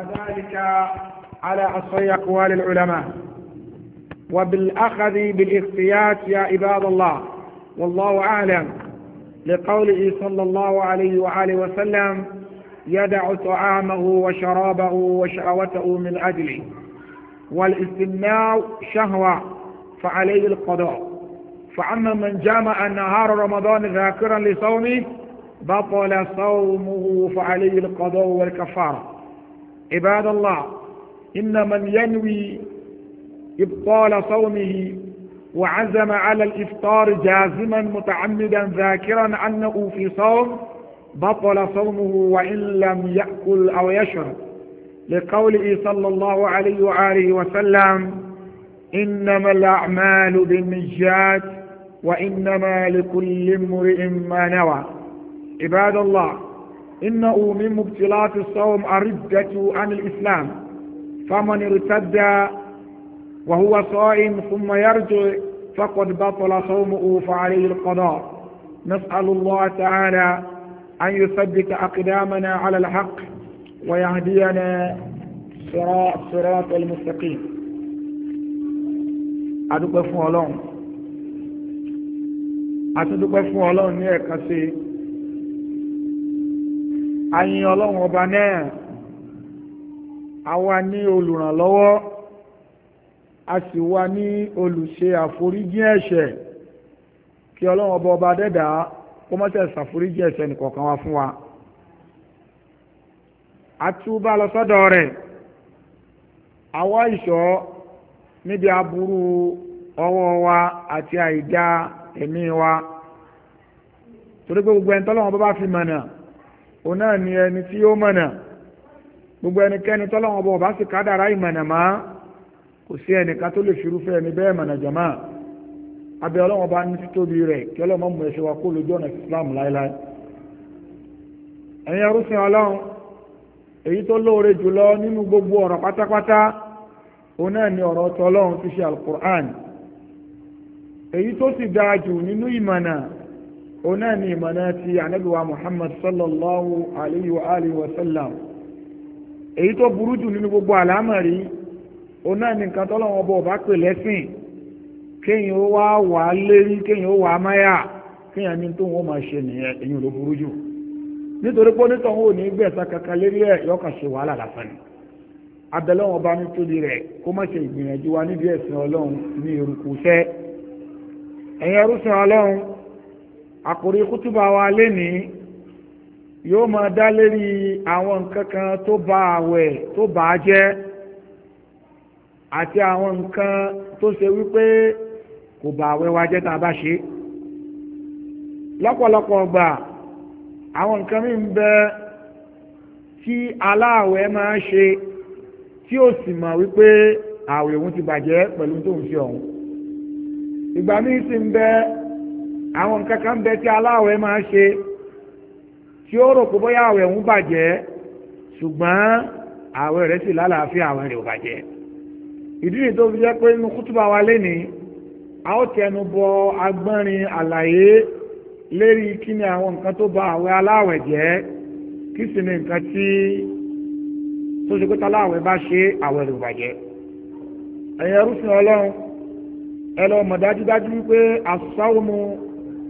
وذلك على أصري أقوال العلماء وبالأخذ بالاختيات يا عباد الله والله أعلم لقوله صلى الله عليه وآله وسلم يدع طعامه وشرابه وشهوته من أجله والاستمناء شهوة فعليه القضاء فأما من جمع نهار رمضان ذاكرا لصومه بطل صومه فعليه القضاء والكفارة عباد الله إن من ينوي إبطال صومه وعزم على الإفطار جازما متعمدا ذاكرا أنه في صوم بطل صومه وإن لم يأكل أو يشرب لقوله صلى الله عليه وآله وسلم إنما الأعمال بالنجات وإنما لكل امرئ ما نوى عباد الله إنه من مبتلات الصوم الردة عن الإسلام فمن ارتد وهو صائم ثم يرجع فقد بطل صومه فعليه القضاء نسأل الله تعالى أن يثبت أقدامنا على الحق ويهدينا صراط صراط المستقيم أدوك فولون أتدوك فولون يا كسي ayin ọlọ́run ọba náà àwa ní olùrànlọ́wọ́ a sì wà ní olùṣe àforíjì ẹ̀ṣẹ̀ kí ọlọ́run ọba ọba dẹ́dàá kó mọ́sẹ̀ ṣàforíjì ẹ̀ṣẹ̀ nìkọ̀ọ̀kan wa fún wa àtúbà lọ sọ́dọ̀ rẹ̀ àwa ìṣọ́ níbi aburú ọwọ́ wa àti àìdá ẹ̀mí wa torí pé gbogbo ẹni tọ́lọ́run bá bá fi mọ̀nà òun ni ẹni tí ó mọ̀nà gbogbo ẹnikẹ́ni tọ́lọ́wọ́n bọ̀ bá sì kádàrá ìmọ̀nà má kò sí ẹnìkan tó lè firúfẹ́ ẹni bẹ́ẹ̀ mọ̀nà jàmá abẹ́ ọlọ́wọ́n bá ní títóbi rẹ̀ kí ọlọ́wọ́n mú ẹsẹ̀ wa kó lójú Islam láéláé ẹ̀yin ọlọ́run èyí tó lóore jùlọ nínú gbogbo ọ̀rọ̀ pátápátá ni ọ̀rọ̀ tọ́lọ́run ti ṣe alukur'an èyí tó sì dáa jù ona ni mana ti ànábìwá muhammad sallallahu alaihi wa alihi wa sallam èyí tó burú jù nínú gbogbo àlámọ̀rí ona ni nǹkan tọ́lọ́wọ́n bọ̀ bá pè lẹ́sìn kéèyàn ó wá wà á lérí kéèyàn ó wà á máyà kéèyàn ní tó wọn máa ṣe nìyẹn èyí ló burú jù nítorí pé ní kankan lérí ẹ̀ ṣe wàhálà lásán ni abẹ́lẹ́wọ̀n bá ní tóbi rẹ̀ kó má ṣe ìgbìyànjú wa níbi ẹ̀sìn ọlọ́run ní àkòrí kútùbà wa lénìí yóò máa dá lérí àwọn nǹkan kan tó bà àwẹ̀ tó bà á jẹ́ àti àwọn nǹkan tó ṣe wípé kò bà àwẹ̀ wa jẹ́ tá a bá ṣe lọ́pọ̀lọpọ̀ ọgbà àwọn nǹkan mi ń bẹ tí aláàwẹ̀ máa ṣe tí ó sì mọ̀ wípé àwẹ̀ òun ti bàjẹ́ pẹ̀lú tó ṣe ọ̀hún ìgbà míì sì ń bẹ́ẹ̀ àwọn nǹkan kan bẹ tí aláwẹ̀ máa ṣe tí ó rò pé bóyá àwẹ̀ ń bàjẹ́ ṣùgbọ́n àwẹ̀ rẹ̀ sì lálàáfíà àwẹ̀ rẹ̀ ò bàjẹ́ ìdí nìyí tó fi jẹ́ pé inú kútùbà wa lénìí a ó tẹnu bọ agbọ́nrin àlàyé lérí kí ni àwọn nǹkan tó ba àwẹ̀ aláwẹ̀ jẹ́ kí sì ni nǹkan tí tó ṣe pé taláwẹ̀ bá ṣe àwẹ̀ rẹ̀ ò bàjẹ́ ẹ̀yin ẹrú sin ọlọ́run ẹ lọ mọ̀ dájúdájú wípé àsáwọ́mu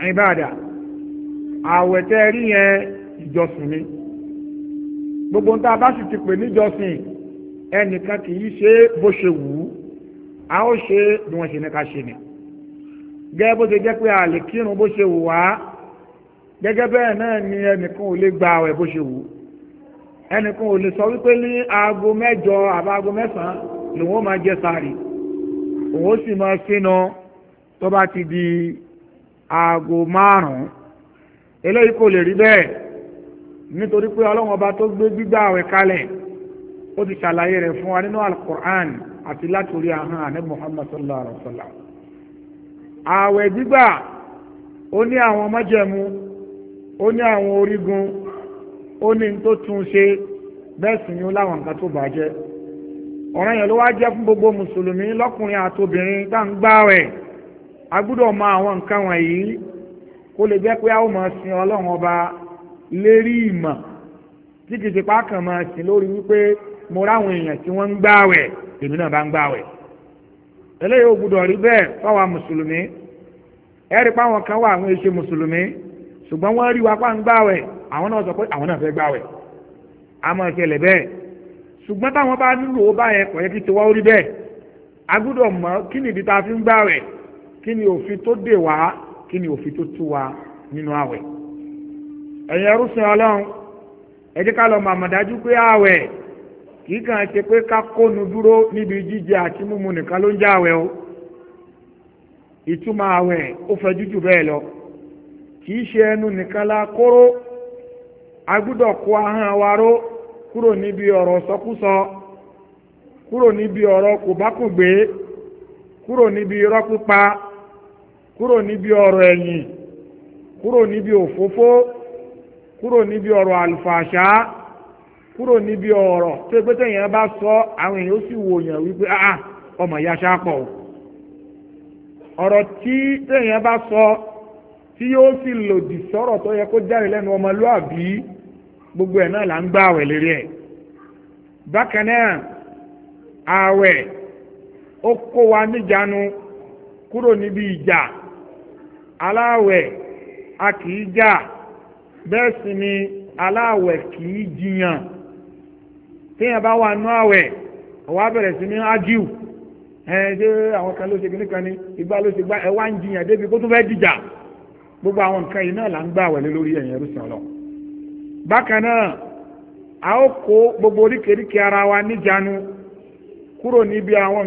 ìbáàdà àwẹ̀ tẹ́ rí yẹn ìjọsìn ni gbogbo nta bá sì ti pè níjọsìn ẹnìkan kì í ṣe bó ṣe wù ú a ó ṣe bí wọ́n ṣe ní ká ṣe ni gẹ́gẹ́ bó ṣe jẹ́ pé a lè kírun bó ṣe wù wá gẹ́gẹ́ bẹ́ẹ̀ náà ni ẹnìkan ò lè gba àwẹ̀ bó ṣe wù ú ẹnìkan ò lè sọ wípé ní aago mẹ́jọ àbá aago mẹ́sàn-án lòun ó máa jẹ sààrì òun ó sì máa sínú tó bá ti di aago márùn-ún eléyìí kò lè rí bẹ́ẹ̀ nítorí pé ọlọ́run ọba tó gbé gbígbà àwẹ̀ kalẹ̀ ó ti ṣàlàyé rẹ̀ fún wa nínú alukur'an àti látòrí ahọ́n àní muhammad sallallahu alaihi wa sallam àwẹ̀ gbígbà ó ní àwọn májẹ̀mú ó ní àwọn orígun ó ní tó tún ṣe bẹ́ẹ̀ sì ni ó láwọn nǹkan tó bàjẹ́ ọ̀ranyàn ló wá jẹ́ fún gbogbo mùsùlùmí lọ́kùnrin àtobìnrin tá à ń gbààwẹ̀ a gbúdọ̀ mọ àwọn nǹkan wọ̀nyí kó lè jẹ́ pé a ó máa sin ọlọ́run ọba lérí ìmọ̀ tí kì í ṣe pákàn máa sìn lórí wípé mo ráwọn èèyàn tí wọ́n ń gbààwẹ̀ èmi náà bá ń gbààwẹ̀ eléyìí ò gbúdọ̀ rí bẹ́ẹ̀ fáwa mùsùlùmí ẹ̀rí páwọn kan wà àwọn èṣe mùsùlùmí ṣùgbọ́n wọ́n rí wa pa ń gbààwẹ̀ àwọn náà sọ pé àwọn náà fẹ́ gbààwẹ̀ àmọ́ ìṣẹ̀lẹ̀ bẹ́ẹ̀ ṣùgbọ́n táwọn bá nílò ó báyẹn kò yẹ kí tiwa ó rí bẹ́ẹ̀ a gbúdọ̀ mọ̀ kí nìdí tá fi ń gbààwẹ̀ kí ni òfin tó dè wá kí òfin tó tú wa nínú àwẹ̀ ẹ̀yin ẹrúsìn ọlọ́run ẹ jẹ́ ká lọ màmá dájú pé àwẹ̀ kì kàn ṣe pé ká kónu dúró níbi jíjẹ àti mímu nìkan ló ń jẹ́ àwẹ̀ o ìtumọ̀ àwẹ̀ ó fẹ́ jújù bẹ́ẹ̀ lọ la kóró a gbúdọ̀ kó ahọ́n wa ró kúrò níbi ọ̀rọ̀ sọkúsọ kúrò níbi ọ̀rọ̀ kòbákùgbé kúrò níbi kúrò níbi ọrọ̀ ẹ̀yìn kúrò níbi òfófó kúrò níbi ọrọ̀ àlùfàṣá kúrò níbi ọrọ̀ tó o pé téèyàn bá sọ àwọn èèyàn ó sì wò yàn wípé ah, ah ọmọ ìyá ṣáàpọ̀ o ọ̀rọ̀ tí téèyàn bá sọ tí yóò sì lòdì sọ̀rọ̀ tó yẹ kó jáde lẹ́nu ọmọlúàbí gbogbo ẹ̀ náà là ń gbà àwẹ̀ lérí ẹ̀ bákan náà ààwẹ̀ ó kó wa níjànú kúrò níbi ìjà aláwẹ̀ a kìí jà bẹ́ẹ̀ sì ni aláwẹ̀ kìí jiyàn bá wà nú àwẹ̀ bẹ̀rẹ̀ sí ní ágíù ẹ̀ẹ́n àwọn kan ló ṣe kíní kan ní ìgbà ló ṣe gbá ẹwà ń jiyàn débi gbogbo àwọn nǹkan yìí náà là ń gbà lórí ẹ̀yìn bákan náà a ó kó gbogbo oríkèéríkèé ara wa kúrò níbi àwọn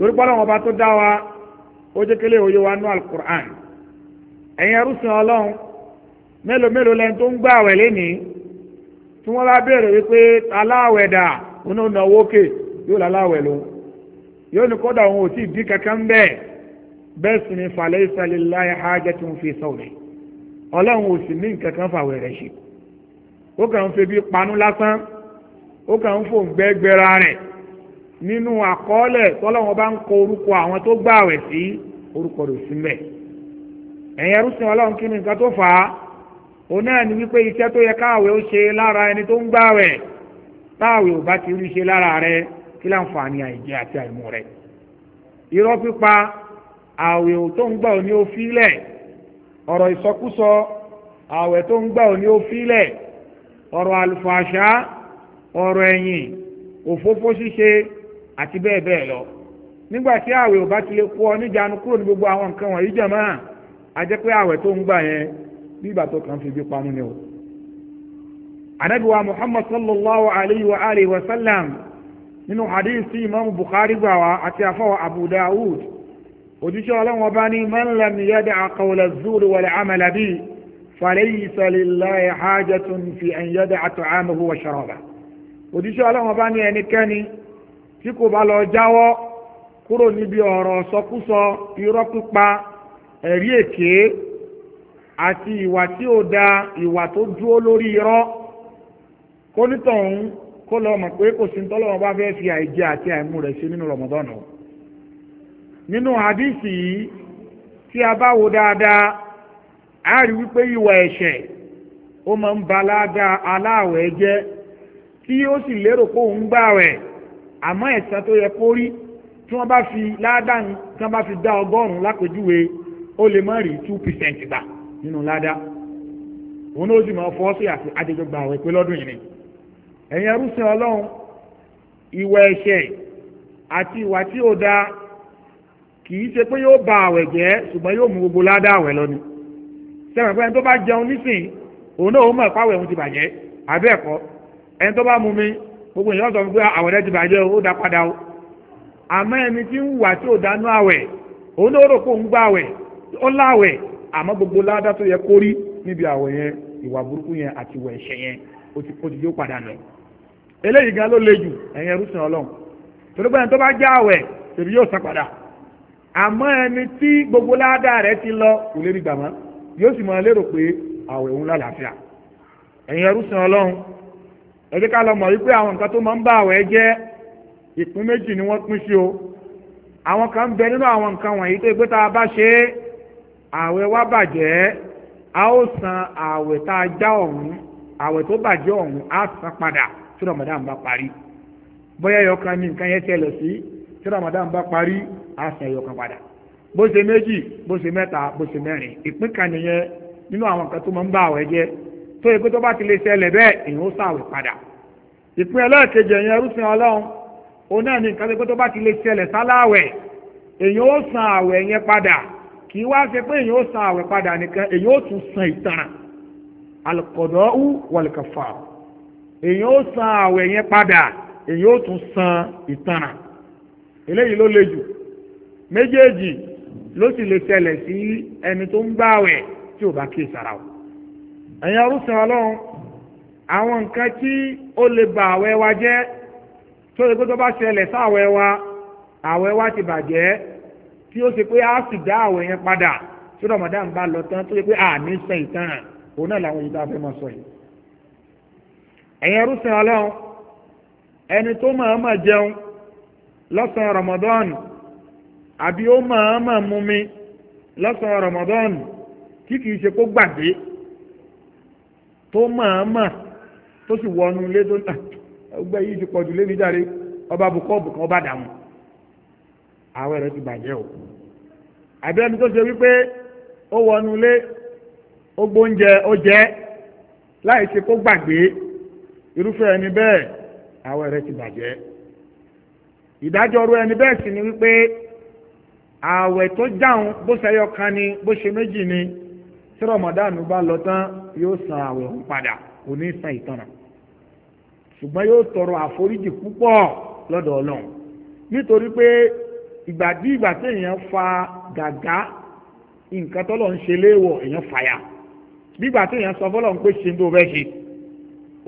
torí pé ọlọ́run ọba tó dá wa ó jẹ́ kélé òye wa nú alukur'an ẹ̀yin ẹrúsìn ọlọ́run mélòó mélòó lẹ́ni tó ń gbà àwẹ̀ lénìí tí wọ́n bá béèrè wípé aláwẹ̀ dà òun ò owó kè yóò láláwẹ̀ lòun yóò ní kódà òun ò tí ì bí kankan bẹ́ẹ̀ bẹ́ẹ̀ sì ni falẹ̀ ìsàlẹ̀ láyé hájẹ́ tí wọ́n fi sọ̀rọ̀ ọlọ́run ò sì ní nǹkan kan fàwẹ̀ rẹ̀ ṣe ó kàn ń febi panu lásán ó kàn ń fò gbẹ́gbẹ́ra rẹ̀ nínú àkọọ́lẹ̀ tọ́lọ́wọ́n bá ń kọ orúkọ àwọn tó gbààwẹ̀ sí orúkọ rẹ̀ sí mbẹ̀ ẹ̀yin ẹrúsìn ọlọ́run kí ni nǹkan tó fà á òun náà ni wípé iṣẹ́ tó yẹ káàwẹ̀ ó ṣe lára ẹni tó ń gbààwẹ̀ táàwẹ̀ ò bá ti rí ṣe lára rẹ kí láǹfààní àìjẹ àti àìmu rẹ irọ́ pípa àwẹ̀ tó ń gbà ò ní ó fílẹ̀ ọ̀rọ̀ ìsọkúsọ àwẹ̀ tó ń gbà ò ní ó fílẹ̀ ọ̀rọ̀ àlùfàṣá ọ̀rọ̀ ẹ̀yìn òfófó ṣíṣe àti bẹ́ẹ̀ bẹ́ẹ̀ lọ nígbà tí àwẹ̀ ò bá ti lè kó ọ níjànú kúrò ní gbogbo àwọn nǹkan wọ̀nyí jẹ̀ máa a jẹ́ pé àwẹ̀ tó ń gbà yẹn bí ìgbà tó kàn fi bí pamọ́ ni o. ànábì wa muhammad sallallahu alayhi wa alayhi wa sallam nínú hadith tí imam bukhari gbà wá àti afọwọ́ abu dawud ojúṣe ọlọ́run ọba ní man yada' qawla zuri wal amala bi falaysa lillahi fi an yada'a ta'amahu wa sharabahu ojúṣe ọlọ́run ọba ní ẹnikẹ́ni tí kò bá lọ jáwọ́ kúrò níbi ọ̀rọ̀ sọkúsọ irọ́ pípa ẹ̀rí èké àti ìwà tí ò da ìwà tó dúró lórí irọ́ kó kó lọ mọ̀ pé kò sí tọ́lọ́wọ́ bá fẹ́ fi àìjẹ àti àìmú rẹ̀ ṣe nínú nínú yìí tí a bá wo dáadáa a rí wípé ìwà ẹ̀ṣẹ̀ ó máa ń ba aláàwẹ̀ jẹ́ tí àmọ́ ẹ̀san tó yẹ kó rí tí wọ́n bá fi ládàá tí wọ́n bá fi dá ọgọ́rùn lápèjúwe ó lè má rí two percent gbà nínú ládàá òun ló sì máa fọ́ sí àti adéjọ gba àwẹ̀ pé lọ́dún yìí ni ẹ̀yin ẹrúsìn ọlọ́run ìwà ẹ̀ṣẹ̀ àti ìwà tí ò dáa kì í ṣe pé yóò ba àwẹ̀ jẹ́ ṣùgbọ́n yóò mú gbogbo ládàá àwẹ̀ lọ ni sẹ́wọ̀n pé ẹni tó bá jẹun nísìn òun náà ó mọ̀ ìpáwẹ̀ òun ti bàjẹ́ àbí ẹ̀kọ́ ẹni tó bá mumi gbogbo ìyọ́ sọ pé àwẹ̀ rẹ ti bàjẹ́ ó dá padà o àmọ́ ẹni tí ń wà tí ò dánú àwẹ̀ òun ló rò pé òun gbà àwẹ̀ ó láwẹ̀ àmọ́ gbogbo ládá tó yẹ kó rí níbi àwẹ̀ yẹn ìwà burúkú yẹn àti ìwà ẹ̀ṣẹ̀ yẹn ó ti kó ti yóò padà nù eléyìí gan ló le jù ẹ̀yin ẹrú sìn ọlọ́run torí pé ẹni tó bá jẹ́ àwẹ̀ tèmi yóò san padà àmọ́ ẹni tí gbogbo ládá rẹ ti lọ kò lè rí gbàmọ́ yóò sì máa lérò pé àwẹ̀ òun lálàáfíà ẹ̀yin ẹrú sìn ọlọ́run ẹ jẹ́ ká lọ mọ̀ wípé àwọn nǹkan tó máa ń bá àwẹ̀ jẹ́ ìpín méjì ni wọ́n pín sí o àwọn kan ń bẹ nínú àwọn nǹkan wọ̀nyí tó gbé tá a bá ṣe é àwẹ̀ wa bàjẹ́ a ó san àwẹ̀ tá a já ọ̀hún àwẹ̀ tó bàjẹ́ ọ̀hún á san padà tí Ramadan bá parí bóyá ẹyọkan ní nǹkan yẹn ṣẹlẹ̀ sí tí Ramadan bá parí á san ẹyọkan padà bó ṣe méjì bó ṣe mẹ́ta bó ṣe mẹ́rin ìpín kan nìyẹn nínú àwọn nǹkan tó máa ń bá àwẹ̀ jẹ́ tó yẹ pé tó bá ti lè ṣẹlẹ̀ bẹ́ẹ̀ èèyàn ó sàwẹ̀ padà ìpín ẹlẹ́ẹ̀kejì ẹ̀yìn ẹrúsìn ọlọ́run òun náà ní nǹkan tó pé tó bá ti lè ṣẹlẹ̀ sáláwẹ̀ èèyàn ó san àwẹ̀ yẹn padà kì í wá ṣe pé èèyàn ó san àwẹ̀ padà nìkan èèyàn ó tún san ìtanràn alqada'u wal kafara èèyàn ó san àwẹ̀ yẹn padà èèyàn ó tún san ìtanràn eléyìí ló le jù méjèèjì ló sì lè ṣẹlẹ̀ sí ẹni tó ń gbààwẹ̀ tí ò bá kíyèsára o ẹ̀yin arúsìn ọlọ́run àwọn nǹkan tí ó lè ba àwẹ̀ wa jẹ́ tó lè gbọ́dọ̀ bá ṣẹlẹ̀ sáwẹ̀ wa àwẹ̀ wa ti bàjẹ́ tí ó ṣe pé a sì dá àwẹ̀ yẹn padà tí Ramadan bá lọ tán tó ṣe pé a ní sẹ ìtàn òun náà làwọn yìí tá a fẹ́ máa sọ yìí. ẹ̀yin arúsìn ọlọ́run ẹni tó máa máa jẹun lọ́sàn-án Ramadan àbí ó máa máa mumi lọ́sàn-án Ramadan kí kìí ṣe kó gbàgbé tó mọ̀ọ́mọ̀ tó sì wọnú ilé tó náà ọgbẹ́ yìí ti pọ̀jù lébi jáde ọba bùkọ́ bùkọ́ ọba dààmú àwẹ̀ rẹ̀ ti bàjẹ́ o àbí ẹni tó ṣe wípé ó wọnú ilé ó gbóúnjẹ ó jẹ láì ṣe kó gbàgbé irúfẹ́ ẹni bẹ́ẹ̀ àwẹ̀ rẹ̀ ti bàjẹ́ ìdájọ́ ọrú ẹni bẹ́ẹ̀ sì ni wípé àwẹ̀ tó jáun bó ṣe ẹyọ kan ni bó ṣe méjì ni tí ramadan bá lọ tán yóò san àwẹ̀ òun padà kò ní san ìtanà ṣùgbọ́n yóò tọrọ àforíjì púpọ̀ lọ́dọ̀ ọlọ́run nítorí pé ìgbà bí ìgbà tí èèyàn fa gàgá nǹkan tọ́lọ̀ ń ṣe léèwọ̀ èèyàn fàyà bí ìgbà tí èèyàn sọ fọlọ́ ń ṣe ń tó fẹ́ ṣe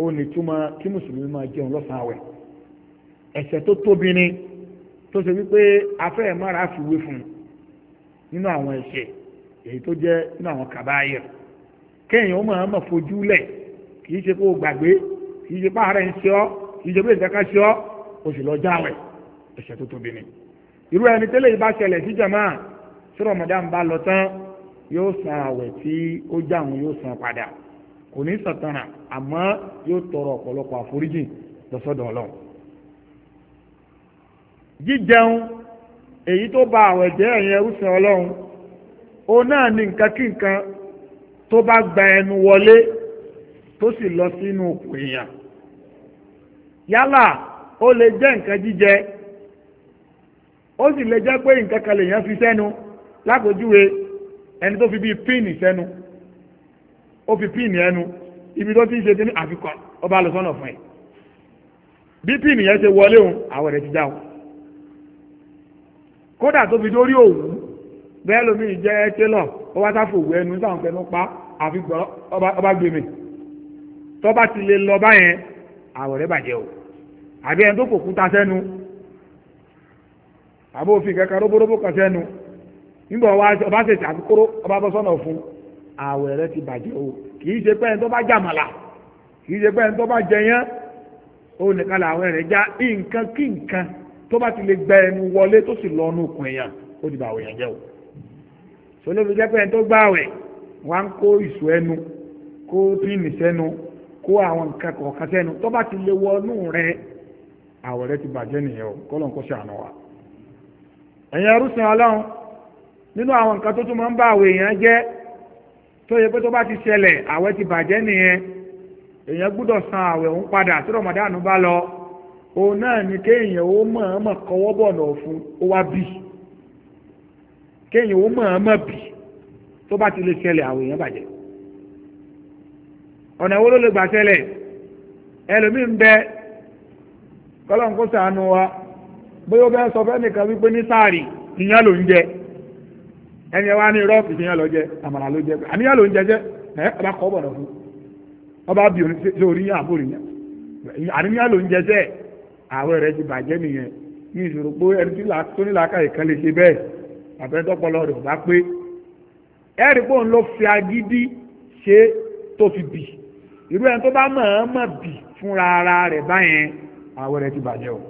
ó ní túmọ̀ kí mùsùlùmí máa jẹun lọ́sàn-án àwẹ̀ ẹ̀ṣẹ̀ tó tóbi ni tó ṣe wípé afẹ́ ẹ̀ mára fi wé fún un nínú àwọn ẹ̀ṣẹ̀ èyí tó jẹ́ nínú àwọn kàbáyé kéèyàn ó máa mọ̀ fojú lẹ̀ kì í ṣe kó o gbàgbé kì í ṣe páàrẹ̀ ń ṣe ọ́ kì í ṣe pé ìtẹ́ká ṣe ọ́ o sì lọ jáwẹ̀ ẹ̀ṣẹ̀ tó tóbi ni irú ẹni tẹ́lẹ̀ ìbá ṣẹlẹ̀ sí jàmáà tí Ramadan bá lọ tán yóò san àwẹ̀ tí ó jáwọn yóò san padà kò ní sàtànà àmọ́ yóò tọrọ ọ̀pọ̀lọpọ̀ àforíjì lọ́sọ̀dọ̀ ọlọ́run jíjẹun èyí tó ba àwẹ̀ jẹ́ ẹ̀yẹn ẹrúsìn ọlọ́run o náà ní nǹkan kí nǹkan tó bá gba ẹnu wọlé tó sì lọ sínú òkú èèyàn yálà ó lè jẹ́ nǹkan jíjẹ ó sì lè jẹ́ pé nǹkan kan lèèyàn fi sẹ́nu lápòjúwe ẹni tó fi bíi píìnì sẹ́nu ó fi píìnì ẹnu ibi tó ti ṣe tí ní àfikọ́ ọba lọ sọ́nà fún ẹ bí píìnì yẹn ṣe wọlé òun àwọn ẹ̀rẹ̀ ti já o kódà tó fi dórí òwú bẹ́ẹ̀ lómi ìjẹ́ télọ̀ ó wá sáfò wẹ ẹnu táwọn fẹnu pa àfi ọba gbèmí tọ́ba ti lè lọ báyẹn àwọ̀ rẹ̀ bàjẹ́ o àbí ẹni tó kò kúta sẹ́nu àbó òfin kẹkẹ róbóróbó kan sẹ́nu nígbà ọba ṣèṣe àfikóró ọba bọ́ sọ́nà fún àwọ̀ rẹ̀ ti bàjẹ́ o kì í ṣe pé ẹni tó bá jàmàlà kì í ṣe pé ẹni tó bá jẹyán ó nìkan làwọn ẹ̀rẹ̀ já nǹkan kí nǹkan tó bá ti lè gba ẹnu wọlé tó sì lọ ọnù òkun èèyàn ó ti bà àwòyàn sọlọ́bi jẹ́ pé ẹni tó gbààwẹ̀ wọ́n á ń kó ìṣù ẹnu kó píìnì sẹ́nu kó àwọn nǹkan sẹ́nu tó bá ti lè wọnú rẹ àwọ̀ rẹ ti bàjẹ́ nìyẹn o kọ́lọ̀ ń kó ṣàánú wa. ẹ̀yin arúsàn ọlọ́run nínú àwọn nǹkan tó tún máa ń bá àwọ̀ èèyàn jẹ́ tó yẹ pé tó bá ti ṣẹlẹ̀ òun náà ni kéèyàn ó mọ̀ọ́mọ̀ kọwọ́ bọ̀ lọ fún ó wá bíi kéèyàn ó mọ̀ ọ́n mọ̀ bì tó bá ti lè ṣẹlẹ̀ àwọn èèyàn bàjẹ́ ọ̀nà wo ló lè gbà ṣẹlẹ̀ ẹlòmíín bẹ kọ́lọ́n kó sànù wa bóyá ó bẹ́ẹ̀ sọ fẹ́ nìkan wípé ní sáàrì ìyẹn ló ń jẹ ẹni ẹ wá ní irọ́ ìfìyàn lọ jẹ àmàlà ló jẹ àníyàn ló ń jẹ jẹ ẹ ọba kọ́ bọ̀dọ̀ fún ọba bí òní sí orí yàn àbúrò yàn àníyàn ló ń jẹ jẹ àwọ̀ rẹ̀ ti bàjẹ́ nìyẹn ní ìṣòro pé ẹni tó ní làákàyè kan lè ṣe bẹ́ẹ̀ àbẹ́dọ́pọlọ rẹ̀ bá pé ẹ̀rí pé òun ló fi agídí ṣe tó fi bì irú ẹni tó bá mọ̀ ọ́n mọ̀ bì fúnra ara rẹ̀ báyẹn àwẹ̀ rẹ̀ ti bàjẹ́ o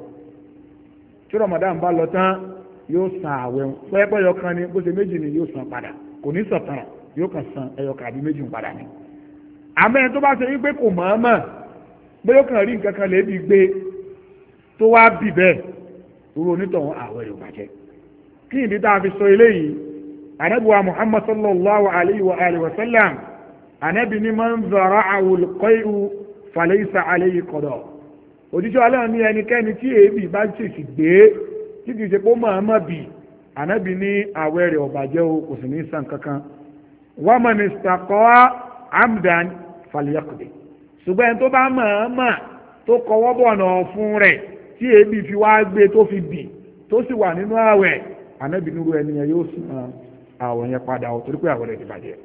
tí Ramadan bá lọ tán yóò san àwẹ̀ pẹ́ẹ́pẹ́yọ kan ni bó ṣe méjì ni yóò san padà kò ní sàn tán yóò kàn san ẹyọ kan àbí méjì padà ni àmọ́ ẹni tó bá ṣe wípé kò mọ̀ mọ̀ bóyá ó kàn rí nǹkan kan lè bí gbé tó wá bì bẹ́ẹ̀ irú onítọ̀hún àwẹ̀ rẹ̀ bàjẹ́ kí ìdí tá a fi sọ eléyìí anabiwa muhammad sallallahu alayhi wa alihi wa sallam anabi ni man zara'ahu al-qay'u falaysa alayhi qada òjíṣẹ́ ọlọ́run ní ẹnikẹ́ni tí èébì bá ṣèṣì gbé tí kì ṣe pé ó máa má bì anabi ní àwẹ̀ rẹ̀ ọ̀bàjẹ́ o kò sì ní sàn kankan wa man istaqa'a amdan falyaqdi ṣùgbọ́n tó bá máa mà tó kọwọ́ bọ̀nà fún rẹ̀ tí èébì fi wá gbé tó fi bì tó sì wà nínú àwẹ̀ anábì nírú ẹni yẹn yóò san àwọ̀ yẹn padà ọ̀ torí pé àwọ̀ rẹ̀ ti bàjẹ́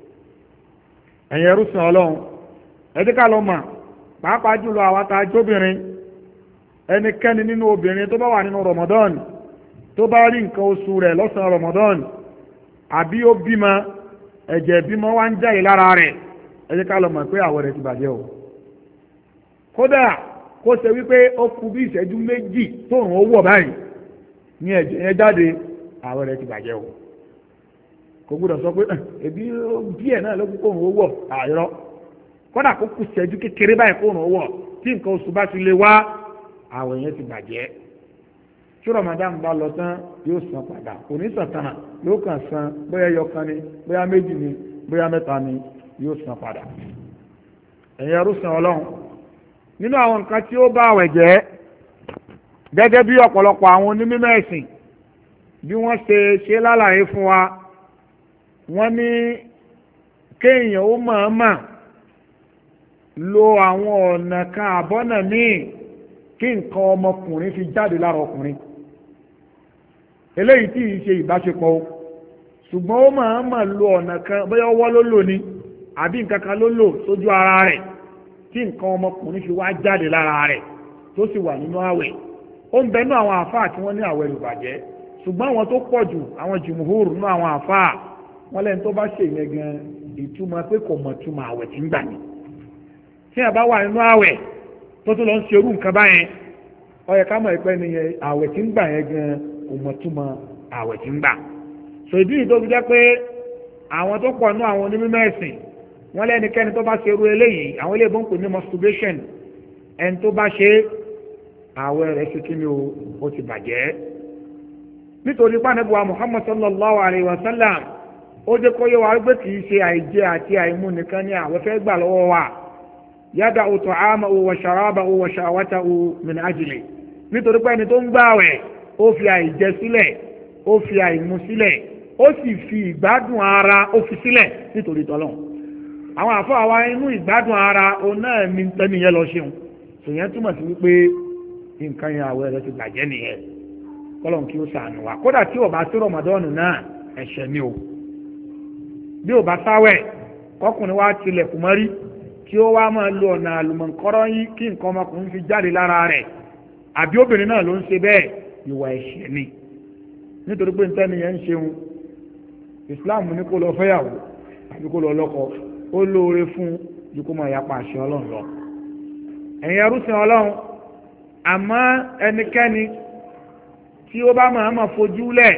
ẹ̀yin ẹrú sàn ọlọ́run ẹtí ká lọ mọ̀ pàápàá jùlọ àwa tá a nínú obìnrin tó bá wà nínú Ramadan tó bá rí nǹkan oṣù rẹ̀ lọ́sàn-án Ramadan àbí ó bímọ ẹ̀jẹ̀ bímọ wá ń jáde lára rẹ̀ ẹtí ká lọ mọ̀ pé àwọ̀ rẹ̀ ti bàjẹ́ o kódà kó ṣe wípé ó kù bí ìṣẹ́jú méjì tóun ó wọ̀ báyìí ní ẹ̀jẹ̀ yẹn jáde àwọ̀ rẹ̀ ti bàjẹ́ o kò gbúdọ̀ sọ pé ẹbí díẹ̀ náà ló kú kóhùn owó àìrọ́ kódà kó kù ṣẹ́jú kékeré báyìí kóhùn owó tí nǹkan oṣù bá ti lè wá àwọ̀ yẹn ti bàjẹ́ tí Ramadan bá lọ tán yóò san padà òní ló kàn san bóyá yọkan ni bóyá méjì ni bóyá mẹ́ta ni yóò san padà ẹ̀yin arúsàn ọlọ́run nínú àwọn nǹkan tí ó bá àwẹ̀ jẹ́ gẹ́gẹ́ bí ọ̀pọ̀lọpọ̀ àwọn onímọ̀ ẹ̀sìn bí wọ́n ṣe ṣe lálàyé fún wa wọ́n ní kéèyàn ó mọ̀ọ́mọ̀ lo àwọn ọ̀nà kan àbọ́nà míì kí nǹkan ọmọkùnrin fi jáde lára ọkùnrin eléyìí tí ì ṣe ìbáṣepọ̀ o ṣùgbọ́n ó mọ̀ọ́mọ̀ lo ọ̀nà kan bóyá ọwọ́ ló lò ní àbí nǹkan kan ló lò sójú ara rẹ̀ tí nǹkan ọmọkùnrin fi wá jáde lára rẹ̀ tó sì wà nínú àwẹ̀ ó ń bẹnú àwọn àfáà tí wọ́n ní àwẹ̀ lùbàjẹ́ ṣùgbọ́n àwọn tó pọ̀ jù àwọn jùmùhúrù nínú àwọn àfáà wọ́n lẹ́ni tó bá ṣe ìyẹn gan ìtumọ̀ pé kò mọ̀ túmọ̀ àwẹ̀ tí ń gbà ní. tí a bá wà nínú àwẹ̀ tó tó lọ ń ṣerú nǹkan báyẹn ó yẹ ká mọ̀ ìpẹ́ ni àwẹ̀ tí ń gbà yẹn gan kò mọ̀ túmọ̀ àwẹ̀ tí ń gbà. sọ ìdí yìí tó fi jẹ́ pé àwọn tó pọ̀ nínú àwọn onímọ̀ ẹ̀sìn wọ́n lẹ́nikẹ́ni tó bá ṣerú eléyìí àwọn ilé ìbọn kò ní masturbation ẹni tó bá ṣe àwẹ̀ rẹ̀ ṣe kí ni o ó ti bàjẹ́ nítorí pánẹ́bùwà Muhammad sallallahu alayhi wa sallam ó jẹ́ kó wa wípé kì í ṣe àìjẹ àti àìmú nìkan ni àwọn fẹ́ gbà wa yàda òtò àmà òwò ṣàràbà òwò ṣàwátà òwò min ajli nítorí pé tó ń ó fi àìjẹ sílẹ̀ ó fi àìmú sílẹ̀ ó sì fi fi sílẹ̀ nítorí àwọn àfọwọ́ inú ìgbádùn ara òun náà lọ kọ́lọ̀ kí ó sàánù wa kódà tí ò bá sí rọmọdọ́ọ̀nù náà ẹ̀ṣẹ̀ ni o bí ò bá sáwẹ̀ kọkùnrin wa tilẹ̀kùn mọ́rí kí ó wá máa lo ọ̀nà àlùmọ̀ǹkọ́rọ́ yín kí nǹkan ọmọkùnrin fi jáde lára rẹ̀ àbí obìnrin náà ló ń ṣe bẹ́ẹ̀ ìwà ẹ̀ṣẹ̀ ni nítorí pé nǹkan ẹnìyẹn ń ṣeun Islam ní kó lọ fẹ́yàwó àbí kó lọ lọ́kọ ó lóore fún ju àmọ́ ẹnikẹ́ni tí ó bá máa ma fojúlẹ̀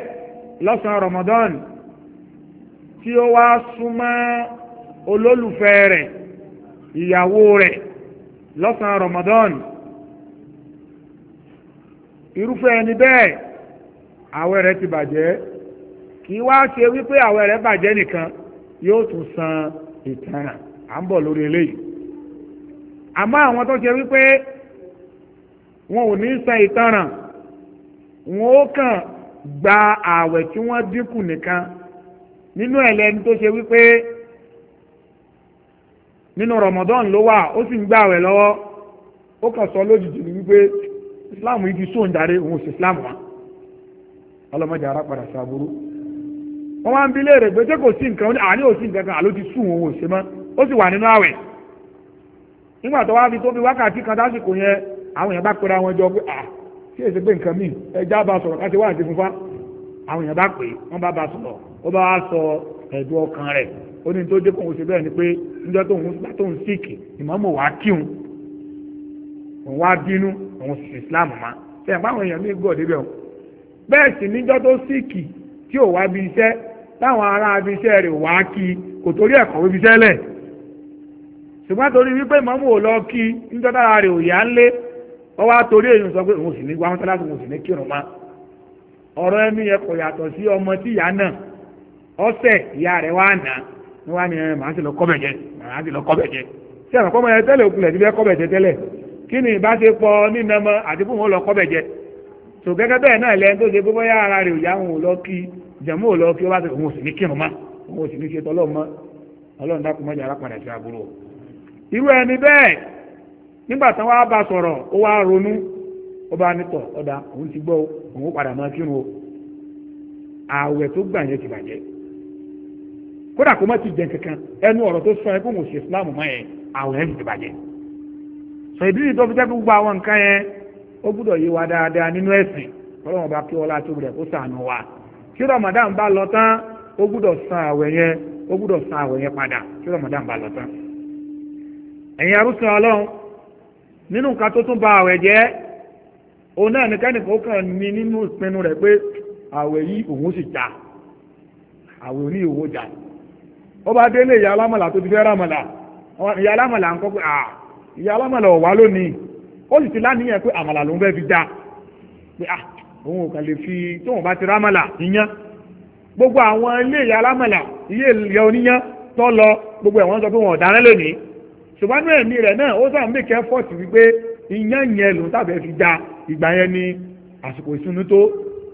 lọ́sàn-án Ramadan tí ó wá súnmọ́ olólùfẹ́ rẹ̀ ìyàwó rẹ̀ lọ́sàn-án Ramadan irúfẹ́ ẹni bẹ́ẹ̀ àwẹ̀ rẹ̀ ti bàjẹ́ kì í wá ṣe wípé àwẹ̀ rẹ̀ bàjẹ́ nìkan yóò tún san ìtanràn à ń bọ̀ lórí eléyìí àmọ́ àwọn tó ṣe wípé wọn ò ní san ìtanràn. wọn ó kàn gba ààwẹ̀ tí wọ́n dínkù nìkan nínú ẹ̀lẹ́ni tó ṣe wípé nínú Ramadan ló wà ó sì ń gba ààwẹ̀ lọ́wọ́ ó kàn sọ lójijì ní wípé Islam yìí ti sóun darí òun sì Islam wa ọlọ́mọdé ara padà sábúrú wọ́n wá ń bi léèrè pé ṣé kò sí nǹkan nǹkan kan àló wà nínú nígbà wọn jọ pé ah kí èsì pé nǹkan míì ẹja bá sọ̀rọ̀ káṣí wà àti fúnfá àwọn èèyàn bá pè é wọ́n bá bá sọ̀rọ̀ ó bá wá sọ ẹ̀dùn ọkàn rẹ̀ ó ní tó dé kóhun ṣe bẹ́ẹ̀ ni pé níjọ́ tóhun gbà tóhun síìkì ìmọ̀ọ́mọ̀ wá kíhun òun wá bínú òun sì Islam ma ṣe ẹ̀ báwọn èèyàn mí gọ̀ débẹ̀ o bẹ́ẹ̀ sì níjọ́ tó síìkì tí ò wá bí iṣẹ́ táwọn ará abí iṣẹ́ rẹ̀ wá kí kò torí ẹ̀kọ́ wíbi iṣẹ́ lẹ̀ ṣùgbọ́n torí wípé ìmọ̀ọ́mọ̀ ò lọ kí níjọ́ tára rẹ̀ ò yá ń lé wọ́n wá torí èyí sọ pé òun sì ní wá mọ́sálásí òun sì ní kírun ma ọ̀rọ̀ ẹni yẹn kò yàtọ̀ sí ọmọ tí ìyá náà ọ̀sẹ̀ ìyá rẹ̀ wá nà ní wá ní ẹ màá sì lọ kọ́bẹ̀ jẹ màá sì lọ kọ́bẹ̀ jẹ sí àwọn kọ́mọ yẹn tẹ́lẹ̀ òkulẹ̀ síbẹ̀ kọ́bẹ̀ jẹ tẹ́lẹ̀ kí ni ìbáṣepọ̀ nínú ọmọ àti fún wọn lọ kọ́bẹ̀ jẹ tò gẹ́gẹ́ bẹ́ẹ̀ náà ma òun ò sì ní ṣe tọ́lọ́ mọ́ ọlọ́run nígbà wá bá sọ̀rọ̀ ó wá ronú òun ti gbọ́ òun padà máa fi o ààwẹ̀ tó gbà yẹn ti bàjẹ́ kódà kó ti jẹ kankan ẹnu ọ̀rọ̀ tó sọ ẹ kó mo mọ́ ẹ ààwẹ̀ yẹn ti bàjẹ́ sọ ìdílé gbogbo àwọn nǹkan yẹn ó gbúdọ̀ yé wa dáadáa nínú ẹ̀sìn ọlọ́run bá kí ọlá tó rẹ̀ kó sànù wa kí nínú nǹkan tó tún ba àwẹ̀ jẹ́ òun náà nìkẹ́nìkan ó kàn ní nínú ìpinnu rẹ̀ pé àwẹ̀ yìí òun sì já àwẹ̀ òní ìwò já ó bá délé ìyá alámọ̀là tó ti fẹ́ rámọ̀là ìyá alámọ̀là ń kọ́ pé à ìyá alámọ̀là ọ̀wá lónìí ó sì ti láníyàn pé àmàlà ló ń fẹ́ fi já pé à òun ò kàn lè fi tóun bá ti rámọ̀là ìyán gbogbo àwọn ilé ìyá alámọ̀là ilé ìyá oníyán tó lọ gbogbo ẹ̀wọ̀n sọ pé wọn ò dáná lónìí ṣùgbọ́n ní ẹ̀mí rẹ̀ náà ó sáà ń bèkẹ́ fọ́ọ̀tì wípé iyán yẹn lòún tàbí fi ja ìgbà yẹn ní àsìkò ìsúnú tó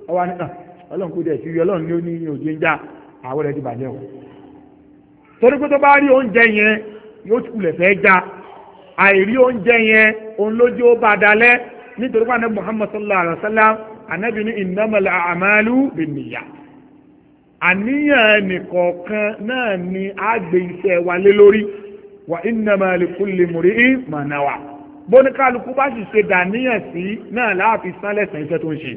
ọlọ́run dẹ̀ sí rí ọlọ́run ní o torí pé tó bá rí oúnjẹ yẹn yóò ti kulẹ̀ fẹ́ já àìrí oúnjẹ yẹn òun lójú ó bá nítorí pé lórí wà innama li kulli mri'in ma nawa bóníkàlùkù bá sì ṣe dàníyàn sí náà láàfin san lẹ́san iṣẹ́ tó ń ṣe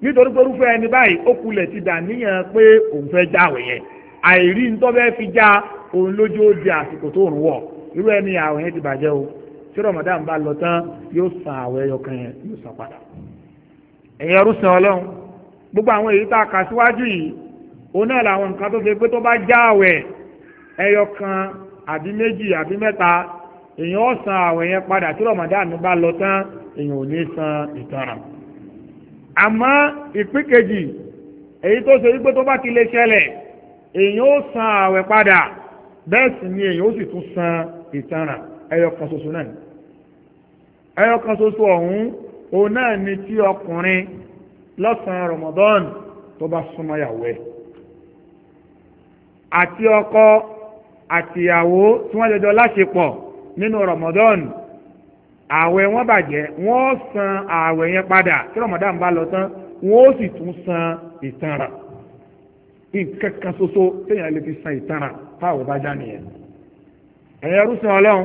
nítorí pé irúfẹ́ ẹni báyìí ó kulẹ̀ ti dàníyàn pé òun fẹ́ jáwé yẹn àìrí ń fi já òun lójú ó di àsìkò tó ń wọ̀ irú ẹni àwẹ̀ yẹn ti bàjẹ́ o tí Ramadan bá lọ tán yóò san àwẹ̀ ẹyọkan yẹn yóò san padà ẹ̀yẹ rúṣan ọlọ́run gbogbo àwọn èyí tá a kà síwájú yìí òun náà làwọn nǹkan tó ṣe pé tó bá já àwẹ̀ àbí méjì àbí mẹ́ta èèyàn ó san àwẹ̀ yẹn padà tí Ramadan bá lọ tán èèyàn ò ní san ìtanràn àmọ́ ìpín kejì èyí tó ṣe wípé tó bá ti lè ṣẹlẹ̀ èèyàn ó san àwẹ̀ padà bẹ́ẹ̀ sì ni èèyàn ó sì tún san ìtanràn ẹyọ kan ṣoṣo náà ẹyọ kan ṣoṣo ọ̀hún òun náà ni tí ọkùnrin lọ́sàn-án Ramadan tó bá súnmọ́ yàwó ẹ̀ àti ọkọ àtìyàwó tí wọ́n jọjọ láṣepọ̀ nínú Ramadan ààwẹ̀ wọn bàjẹ́ wọ́n san ààwẹ̀ yẹn padà tí Ramadan bá lọ tán wọ́n sì tún san ìtanràn nǹkan kan ṣoṣo téèyàn lè fi san ìtanràn táwọn bá já nìyẹn ẹ̀yin ẹrú san ọlọ́run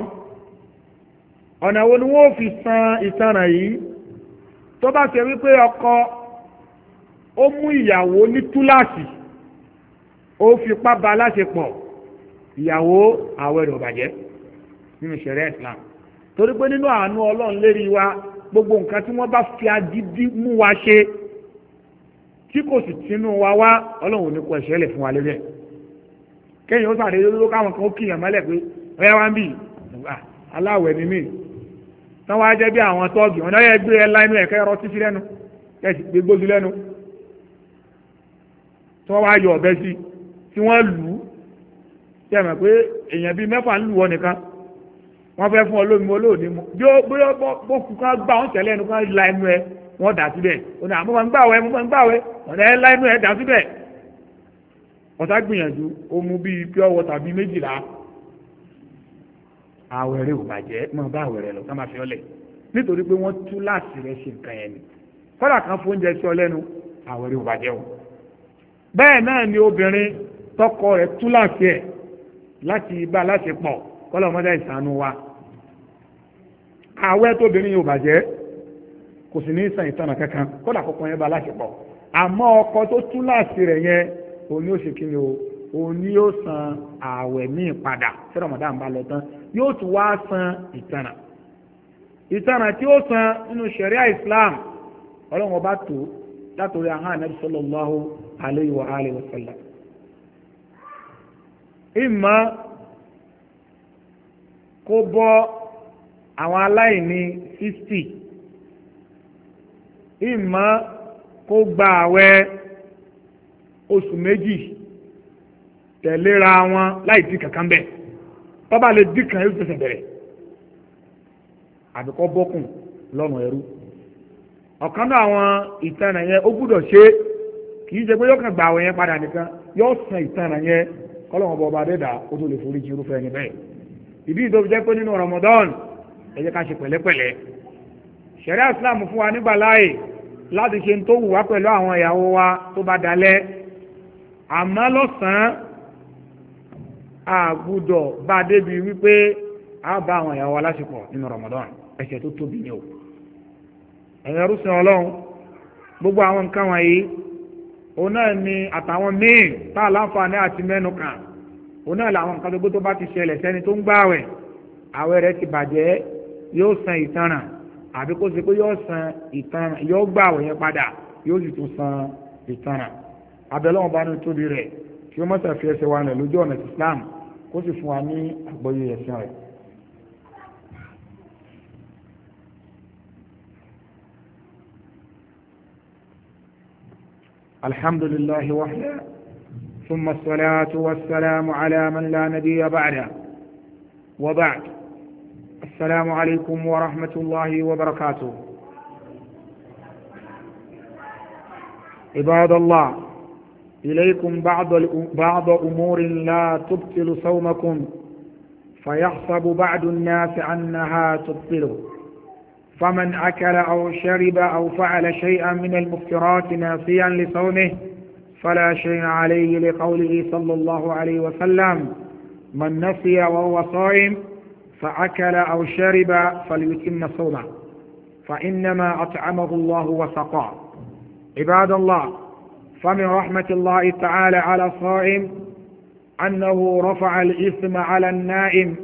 ọ̀nà wo ni wọ́n fi san ìtanràn yìí tó bá ṣe wípé ọkọ ó mú ìyàwó ní túláàsì ó fipá bá láṣepọ̀ ìyàwó àwẹ̀ rẹ̀ bàjẹ́ nínú ìṣẹ̀rẹ́ Islam torí pé nínú àánú Ọlọ́run lérí wa gbogbo nǹkan tí wọ́n bá fi adídí mú wa ṣe tí kò sì tinú wa wá Ọlọ́run ò ní kọ ẹ̀ṣẹ̀ lẹ̀ fún wa lélẹ̀ kẹ́yìn ó sàré lóró káwọn kan ó kíyàn mọ́lẹ̀ pé ọ̀yá wa ń bì aláwẹ̀ ni mí tán wá jẹ́ bí àwọn tọ́ọ̀gì wọn lọ́yẹ̀ gbé ẹ láìnú ẹ̀kẹ́ ẹ̀rọ títí lẹ́nu ẹ̀ sì gbé gbójú tẹ̀mọ̀ pé èèyàn bíi mẹ́fà ń lù ọ nìkan wọ́n fẹ́ fún ọ lómi olóòní mu bí ó bí ó bó kú ká gbà wọ́n tẹ̀lé ẹnu ká la ẹnu ẹ wọ́n dà síbẹ̀ òní àmọ́ máa ń gbà wẹ́ mo máa ń gbà wẹ́ ọ̀nà ẹ la ẹnu ẹ dà síbẹ̀ ọ̀tá gbìyànjú ó mu bíi pure water bíi méjìlá àwẹ̀rẹ̀ ò bàjẹ́ mọ̀ bá àwẹ̀rẹ̀ lọ ká máa fi ọ lẹ̀ nítorí pé wọ́n tú láti rẹ̀ ṣe nǹkan yẹn ni kọ́dà kan fóúnjẹ sí ọ lẹ́nu àwẹ̀rẹ̀ ò bàjẹ́ o bẹ́ẹ̀ náà ni obìnrin tọkọ rẹ̀ tú láti ẹ̀ láti bá láti pọ̀ kọ́lọ̀mọ́dá ìsànú wa àwẹ́ tóbìnrin yóò bàjẹ́ kò sì ní ìsàn ìtànà kankan kọ́lá kọ̀kan yẹn bá láti pọ̀ àmọ́ ọkọ tó tú láti rẹ̀ yẹn òní ó ṣe kí ni o òní ó san àwẹ̀ míì padà tí rọ̀mọ́dá ń bá lọ tán yóò tún wá san ìtànà ìtànà tí ó san nínú ṣẹ̀ríà Islam ọlọ́run ọba tó látòrí ahọ́n Ànábì sallallahu alayhi wa alihi wa sallam ìmọ̀ kó bọ́ àwọn aláìní kó gba àwẹ̀ oṣù méjì tẹ̀léra wọn láì dín kankan bẹ́ẹ̀ tọ́ba lè dín kan yóò fẹsẹ̀ bẹ̀rẹ̀ àbíkọ́ bọ́kùn lọ́nà ẹrú ọ̀kan náà àwọn ìtanà yẹn ó gbúdọ̀ ṣe kì í ṣe pé nìkan san ìtanà kọ́lọ́wọ́n bọ̀ ọba dẹ́dà ó tó lè forí jì irúfẹ́ ẹni bẹ́ẹ̀ ìdí ìdó jẹ́ pé nínú Ramadan ẹ jẹ́ ká ṣe pẹ̀lẹ́pẹ̀lẹ́ ṣẹ̀rí àsìlámù fún wa nígbà láàyè láti ṣe tó wù wá pẹ̀lú àwọn ìyàwó wa tó bá dalẹ̀ àmọ́ lọ́sàn-án àgùdọ̀ bá débi wípé a bá àwọn ìyàwó wa láṣepọ̀ nínú Ramadan ẹ̀ṣẹ̀ tó tóbi ni o ẹ̀yẹ́rú sin ọlọ́run gbogbo àwọn nǹkan wọ̀nyí Ona ni àtàwọn míì tá a láǹfààní àti mẹ́nu kàn òun náà làwọn nǹkan gbogbo tó bá ti ṣẹlẹ̀ sẹ́ni tó ń gbààwẹ̀ àwẹ̀ rẹ̀ ti bàjẹ́ yóò san ìtanràn àbí kó ṣe pé yóò san ìtanràn yóò gbààwẹ̀ yẹn padà yóò sì tún san ìtanràn abẹ́lẹ́wọ̀n bá ní tóbi rẹ̀ kí ó mọ̀sàfẹ́ ẹsẹ̀ wa rẹ̀ lójú ọ̀nà Islam kó sì fún wa ní àgbọ́yé ẹ̀sìn rẹ̀. الحمد لله وحده ثم الصلاة والسلام على من لا نبي بعده وبعد السلام عليكم ورحمة الله وبركاته عباد الله إليكم بعض بعض أمور لا تبطل صومكم فيحسب بعض الناس أنها تبطله فمن أكل أو شرب أو فعل شيئا من المفترات ناسيا لصومه فلا شيء عليه لقوله صلى الله عليه وسلم من نسي وهو صائم فأكل أو شرب فليتم صومه فإنما أطعمه الله وسقاه عباد الله فمن رحمة الله تعالى على الصائم أنه رفع الإثم على النائم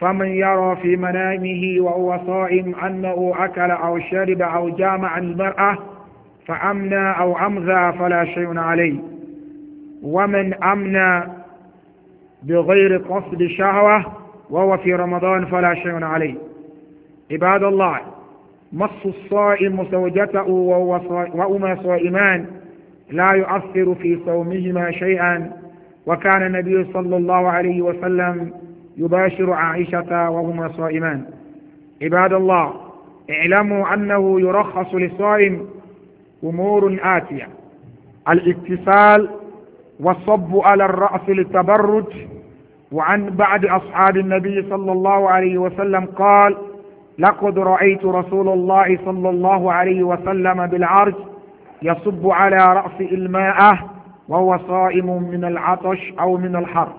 فمن يرى في منامه وهو صائم أنه أكل أو شرب أو جامع المرأة فأمنى أو امزى فلا شيء عليه ومن أمنى بغير قصد شهوة وهو في رمضان فلا شيء عليه عباد الله مص الصائم زوجته وهما صائمان لا يؤثر في صومهما شيئا وكان النبي صلى الله عليه وسلم يباشر عائشة وهما صائمان عباد الله اعلموا أنه يرخص للصائم أمور آتية الاتصال والصب على الرأس للتبرج وعن بعض أصحاب النبي صلى الله عليه وسلم قال لقد رأيت رسول الله صلى الله عليه وسلم بالعرج يصب على رأسه الماء وهو صائم من العطش أو من الحر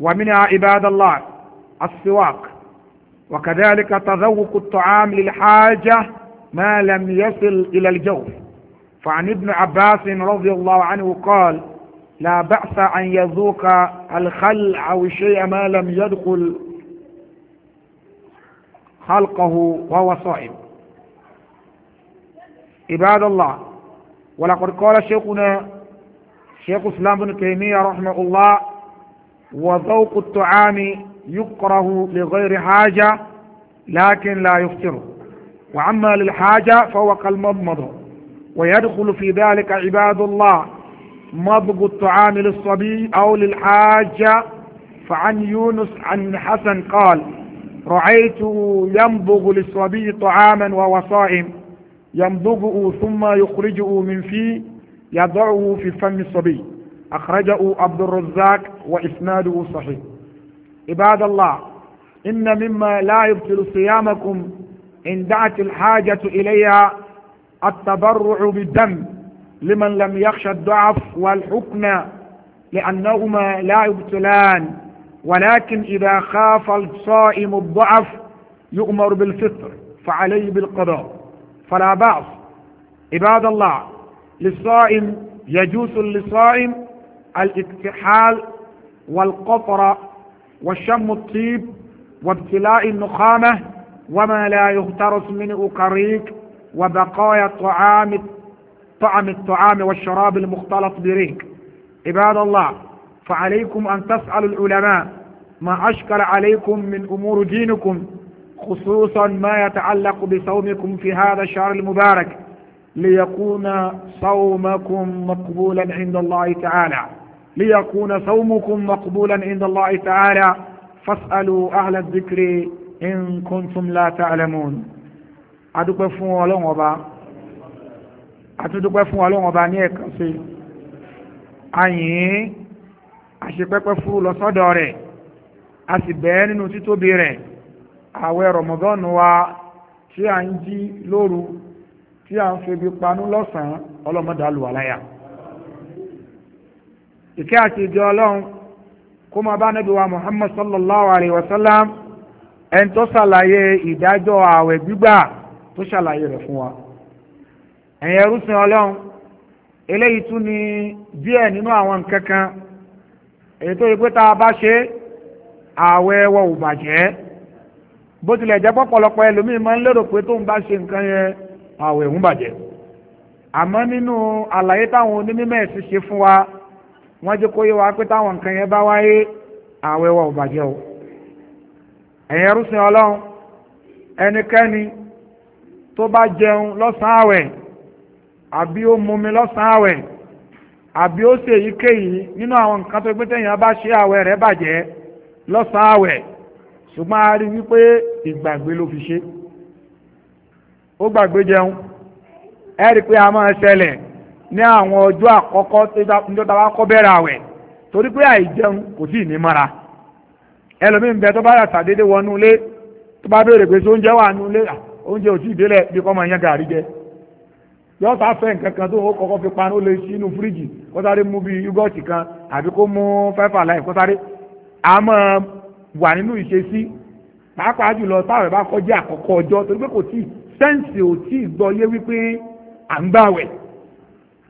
ومنها عباد الله السواق وكذلك تذوق الطعام للحاجة ما لم يصل إلى الجوف فعن ابن عباس رضي الله عنه قال لا بأس أن يذوق الخل أو شيء ما لم يدخل خلقه وهو صائم عباد الله ولقد قال شيخنا شيخ اسلام بن تيمية رحمه الله وذوق الطعام يكره لغير حاجة لكن لا يفطر وأما للحاجة فهو كالمضمضة ويدخل في ذلك عباد الله مضغ الطعام للصبي أو للحاجة فعن يونس عن حسن قال رأيته يمضغ للصبي طعاما وهو صائم يمضغه ثم يخرجه من فيه يضعه في فم الصبي أخرجه عبد الرزاق وإسناده صحيح عباد الله إن مما لا يبطل صيامكم إن دعت الحاجة إليها التبرع بالدم لمن لم يخشى الضعف والحكم لأنهما لا يبطلان ولكن إذا خاف الصائم الضعف يؤمر بالفطر فعليه بالقضاء فلا بأس عباد الله للصائم يجوز للصائم الاكتحال والقطر وشم الطيب وابتلاء النخامة وما لا يغترس منه كريك وبقايا طعام طعم الطعام والشراب المختلط بريك عباد الله فعليكم أن تسألوا العلماء ما أشكل عليكم من أمور دينكم خصوصا ما يتعلق بصومكم في هذا الشهر المبارك ليكون صومكم مقبولا عند الله تعالى ليكون صومكم مقبولا عند الله تعالى فاسألوا أهل الذكر إن كنتم لا تعلمون adúpẹ́ fún ọlọ́run ọba àtúndúpẹ́ fún ọlọ́run ọba ní ẹ̀kan sí ayìn àṣepẹ́pẹ́ fún lọ́sọ́dọ̀ rẹ̀ a sì bẹ́ẹ̀ nínú títóbi rẹ̀ ààwẹ̀ rọ̀mọ́dọ́nù wa tí a ń jí lóru tí a ń febi panú lọ́sàn-án ọlọ́mọdàlù àláyà ìkẹ́ àti ìjọ ọlọ́run kó máa bá nábì wa muhammad sallallahu alayhi wa sallam ẹni tó ṣàlàyé ìdájọ́ ààwẹ̀ gbígbà tó ṣàlàyé rẹ̀ fún wa ẹ̀yin ẹrúsìn ọlọ́run eléyìí tún ni díẹ̀ nínú àwọn nǹkan kan èyí tó yẹ pé tá a bá ṣe ààwẹ̀ wọ ò bàjẹ́ bó tilẹ̀ jẹ́ pọ̀pọ̀lọpọ̀ ẹlòmíì máa ń lérò pé tóun bá ṣe nǹkan yẹn ààwẹ̀ ń bàjẹ́ àmọ́ nínú àlàyé táwọn onímọ̀ ẹ̀sìn ṣe fún wa wọ́n jẹ́ kó yé wa pé táwọn nǹkan yẹn bá wáyé àwẹ̀ wa ò bàjẹ́ o ẹ̀yin ẹrúsìn ọlọ́run ẹnikẹ́ni tó bá jẹun lọ́sàn-án àwẹ̀ àbí ó mumi lọ́sàn-án àwẹ̀ àbí ó ṣe èyíkéyìí nínú àwọn nǹkan tó gbé tẹ̀yìn bá ṣe àwẹ̀ rẹ̀ bàjẹ́ lọ́sàn-án àwẹ̀ ṣùgbọ́n a rí wípé ìgbàgbé ló fi ṣe ó gbàgbé jẹun ẹ rí i pé a máa ṣẹlẹ̀ ní àwọn ọjọ́ àkọ́kọ́ tó tàbá kọ́ bẹ̀rẹ̀ àwẹ̀ torí pé àìjẹun kò sí ní mara ẹlòmíín bẹ tó bá rà sàdédé wọnú ilé tó bá béèrè pé oúnjẹ wà nú ilé oúnjẹ ò tí ì délẹ̀ bí kọ́ máa yan gàrí jẹ yọ sá fẹ́ nǹkan kan tó ó kọ́kọ́ fi paná ó lè sí inú fíríjì kó sáré mú bí yúgọ́ọ̀tì kan àbí kó mú fẹ́fà láì kó sáré a máa wà nínú ìṣesí pàápàá jùlọ táwọn bá kọjá àkọ́kọ́ ọjọ́ torí pé kò tí sẹ́ǹsì ò tí gbọ́ yé wípé à ń gbàwẹ̀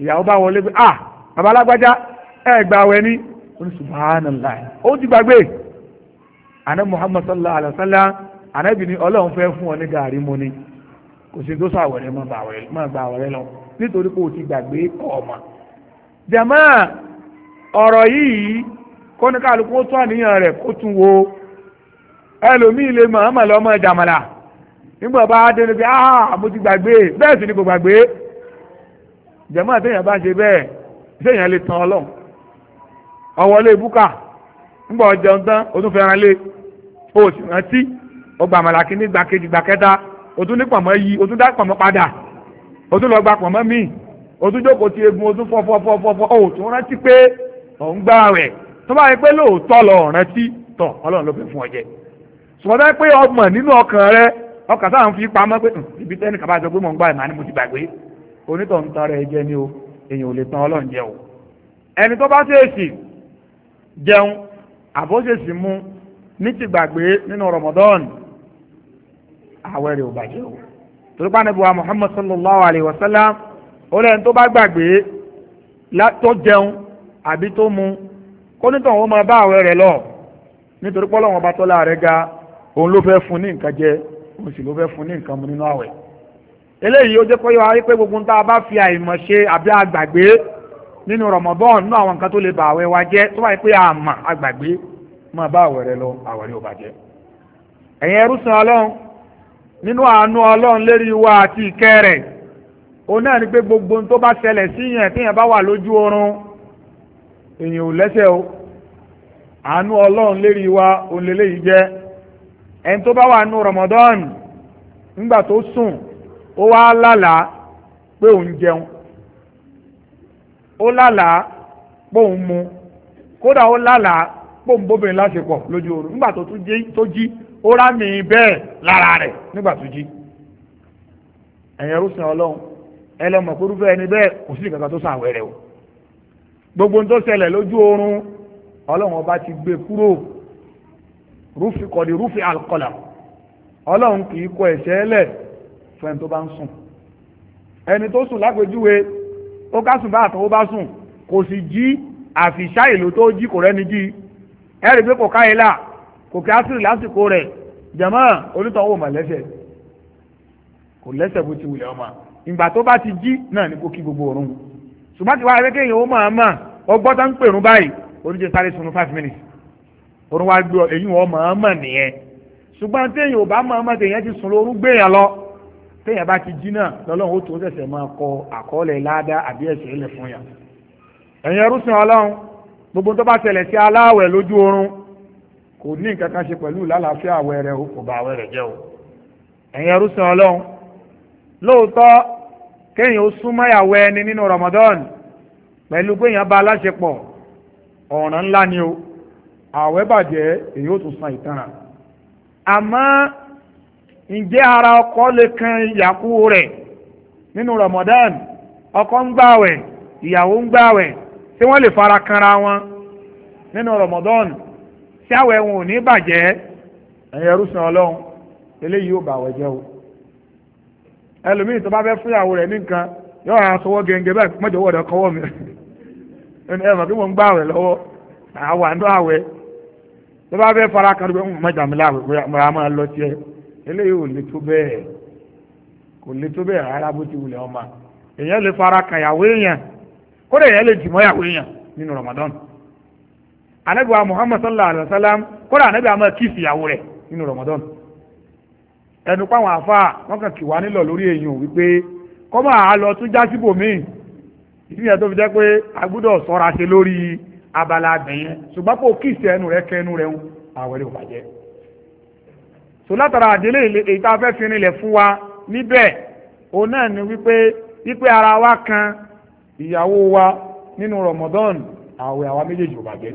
ìyàwó bá wọlé pé ah bàbá alágbájá ẹ gbà wẹ ní oníṣùbánàlá ó ti gbàgbé àná Muhammad sallallahu alayhi wa sallam ànábìíní ọlọ́run fẹ́ fún ọ ní gàrí mu ni kò sí tó sàwẹ̀rẹ̀ máa gbà wẹ̀rẹ̀ lọ nítorí pé o ti gbàgbé kọ̀ ọ̀mà jàmáà ọ̀rọ̀ yìí kọ́nìkàlùkù ó tún àníyàn rẹ̀ kó tún wo ẹlòmíì lè mọ̀ ọ́mọ̀ lọ́mọ ìjàmàlà nígbà bá dé níbi ah mo ti gbàgbé bẹ́ẹ̀ sì ni kò gbàgbé jẹ̀mọ́ àtẹ̀yìn bá ń ṣe bẹ́ẹ̀ sẹ́yìn lè tan ọlọ́run ọwọ́ lé búkà ńgbà ọjọ́ tán o tún fẹ́ràn lé o sì rántí o gbà màlàkì ní gbàkejì gbàkẹta o tún ní pọ̀mọ́ yí o tún dá pọ̀mọ́ padà o tún lọ gba pọ̀mọ́ míì o tún jókòó ti egun o tún fọ́fọ́fọ́fọ́ o tún rántí pé ò ń gbà rẹ̀ tó bá yẹ pé lóòótọ́ lọ rántí tọ̀ ọlọ́run ló fẹ́ fún ọ jẹ sọ̀rọ̀ pé ọgbọ̀n nínú ọkàn rẹ ọkàn sáà ń fi pamọ́ pé hm, ibi tẹ́nìkan bá jọ pé mò ń gbà ìmọ̀ onítọ̀ ń tara ni o èyàn ò lè tan ọlọ́run jẹ o ẹni tó bá ṣèèṣì jẹun àbóṣèṣì mu ní ti gbàgbé nínú Ramadan àwẹ̀ rẹ̀ ò bàjẹ́ o torí pa níbi Muhammad sallallahu alaihi wa sallam ó lẹ́yìn tó bá gbàgbé tó jẹun àbí tó mu kó nítorí wọn máa bá àwẹ̀ rẹ̀ lọ nítorí pé Ọlọ́run ọba tọ́lá rẹ̀ ga òun ló fẹ́ fún ní nǹkan jẹ òun sì ló fẹ́ fún ní nǹkan mu nínú àwẹ̀ eléyìí ó jẹ́ kó yọ ayé pé gbogbo ń tá a bá fi àìmọ̀ ṣe àbí àgbàgbé nínú Ramadan nínú àwọn nǹkan tó lè ba àwẹ̀ wa jẹ́ tó báyìí pé àmà àgbàgbé máa bá àwẹ̀ rẹ lọ àwẹ̀ rẹ ò bàjẹ́. ẹ̀yin ẹrúsìn ọlọ́run nínú àánú ọlọ́run lérí wa àti ìkẹ́ rẹ̀ òun náà ni pé gbogbo ń tó bá ṣẹlẹ̀ sí yẹn téèyàn bá wà lójú oorun èèyàn ò lẹ́sẹ̀ o àánú ọlọ́run lérí wa òun lélẹ́yìí jẹ́ ẹni tó bá wà nínú Ramadan nígbà tó sùn ó wá lálàá pé òun jẹun ó lálàá pé òun mu kódà ó lálàá pé òun bóbìnrin láṣepọ̀ lójú oorun nígbà tó jí ó rá mi bẹ́ẹ̀ lára rẹ̀ nígbà tó jí ẹ̀yin ẹrúsìn ọlọ́run ẹlẹ́mọ̀ kúrúfẹ́ ẹni bẹ́ẹ̀ kò sí tó sàn wẹ̀rẹ̀ gbogbo tó ṣẹlẹ̀ lójú oorun ọlọ́run ọba ti gbé kúrò kọ̀dí ọlọ́run fẹ́ni tó bá ń sùn ẹni tó sùn lápèjúwe ó ká sùn bá àtàwọn bá sùn kò sì jí àfìṣá ìlú tó jí kò rẹ́ni jí ẹ̀rí pé kò káyé là kò kí ásìrì lásìkò rẹ̀ jẹ̀mọ́ onítọ̀wò mà lẹ́sẹ̀ kò lẹ́sẹ̀ bó ti wulẹ̀ ọmọ ìgbà tó bá ti jí náà ni kò kí gbogbo òórùn ṣùgbọ́n tí wàá rẹ́ kéèyàn ó máa mà ó gbọ́ tá ń pèrún báyìí oníjẹ sáré sunu five minutes òun wá gbé eyín wọn máa mà nìyẹn ṣùgbọ́n téèyàn ò bá máa mà téèyàn ti sùn lórú gbéyàn lọ téèyàn bá ti jí náà lọ́lọ́run ó tó ṣẹ̀ṣẹ̀ máa kọ àkọọ́lẹ̀ ládá àbí ẹ̀ṣẹ̀ ilẹ̀ fún yàn ẹ̀yin ẹrúsìn ọlọ́run gbogbo tó bá ṣẹlẹ̀ sí aláwẹ̀ lójú oorun kò ní nǹkan kan ṣe pẹ̀lú lálàáfíà àwẹ̀ rẹ̀ o kò bá àwẹ̀ rẹ̀ jẹ́ o ẹ̀yin ẹrúsìn ọlọ́run lóòótọ́ kéèyàn ó súnmọ́ ìyàwó ẹni nínú Ramadan pẹ̀lú péèyàn bá aláṣepọ̀ ọ̀ràn ńlá ni o àwẹ̀ bàjẹ́ èyí ó tún san ìtanràn àmọ́ ǹjẹ́ ara ọkọ lè kan ìyàkú rẹ̀ nínú Ramadan ọkọ ń gbàwẹ̀ ìyàwó ń gbàwẹ̀ tí wọ́n lè fara kanra wọn nínú Ramadan tí àwẹ̀ wọn ò ní bàjẹ́ ẹ̀yẹ rúṣin ọlọ́run eléyìí ò bàwẹ̀ jẹ́ o ẹlòmíì tó bá fẹ́ fúyàwó rẹ̀ nìkan yóò hàn sọwọ́ gẹ́gẹ́ bẹ́ẹ̀ mọ́jọ wọ̀dọ̀ kọ́wọ́ mi ẹni ẹ̀fọ́ kí mo ń gbàwẹ̀ lọ́wọ́ àwọn àwẹ̀ tó bá fẹ́ fara kan mọ́jà mi láwẹ̀ mọ́ra máa lọ tiẹ̀ eléyìí ò lè tó bẹ́ẹ̀ kò lè tó bẹ́ẹ̀ rárá bó ti wulẹ̀ ọmọ èèyàn lè fara kàyàwó èèyàn kódà èèyàn lè jìmọ́ yàwó èèyàn nínú Ramadan anabi Muhammad sallallahu alaihi wa sallam kódà anabi wa máa kíìsì ìyàwó nínú Ramadan ẹnu páwọn afa wọn kàn kì wá nílọ lórí èèyàn wípé kọ́mọ àlọ́ tún já síbò míì ìdí yẹn tó fi jẹ́ pé a gbọ́dọ̀ sọ́ra ṣe lórí abala àgbẹ̀yẹn ṣùgbọ́n kò kíìsì ẹnu rẹ̀ kẹ́nu rẹ̀ ń àwẹ̀rẹ̀ ò bàjẹ́. tò látara àdélé èyí tá a fẹ́ fi rinlẹ̀ fún wa níbẹ̀ òun náà ni wípé wípé ara wa kan ìyàwó wa nínú Ramadan àwẹ̀ àwa méjèèjì ò bàjẹ́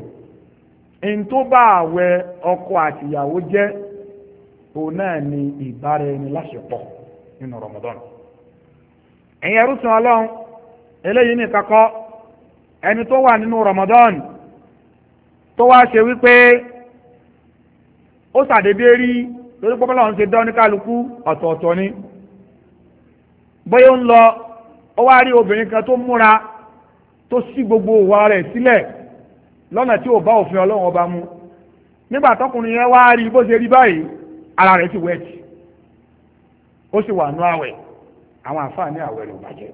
n tó bá àwẹ̀ ọkọ ìyàwó jẹ́ òun náà ni ìbára ẹni láṣepọ̀ nínú Ramadan ẹ̀yin ẹrú sùn ọlọ́run eléyìí nìkan kọ́ ẹni tó wà nínú Ramadan tó wá ṣe wípé ó ṣàdédé rí torí pọ́pọ́ lọ́run ṣe dán ní kálukú ọ̀tọ̀ọ̀tọ̀ ni bóyá ń lọ ó wá rí obìnrin kan tó múra tó sí gbogbo òwà rẹ̀ sílẹ̀ lọ́nà tí ò bá òfin ọlọ́run ọba mu nígbà tọkùnrin yẹn wá rí bó ṣe rí báyìí ara rẹ̀ ti wẹ̀tì ó sì wà nú àwẹ̀ àwọn àfáà ní àwẹ̀ rẹ̀ ò bàjẹ́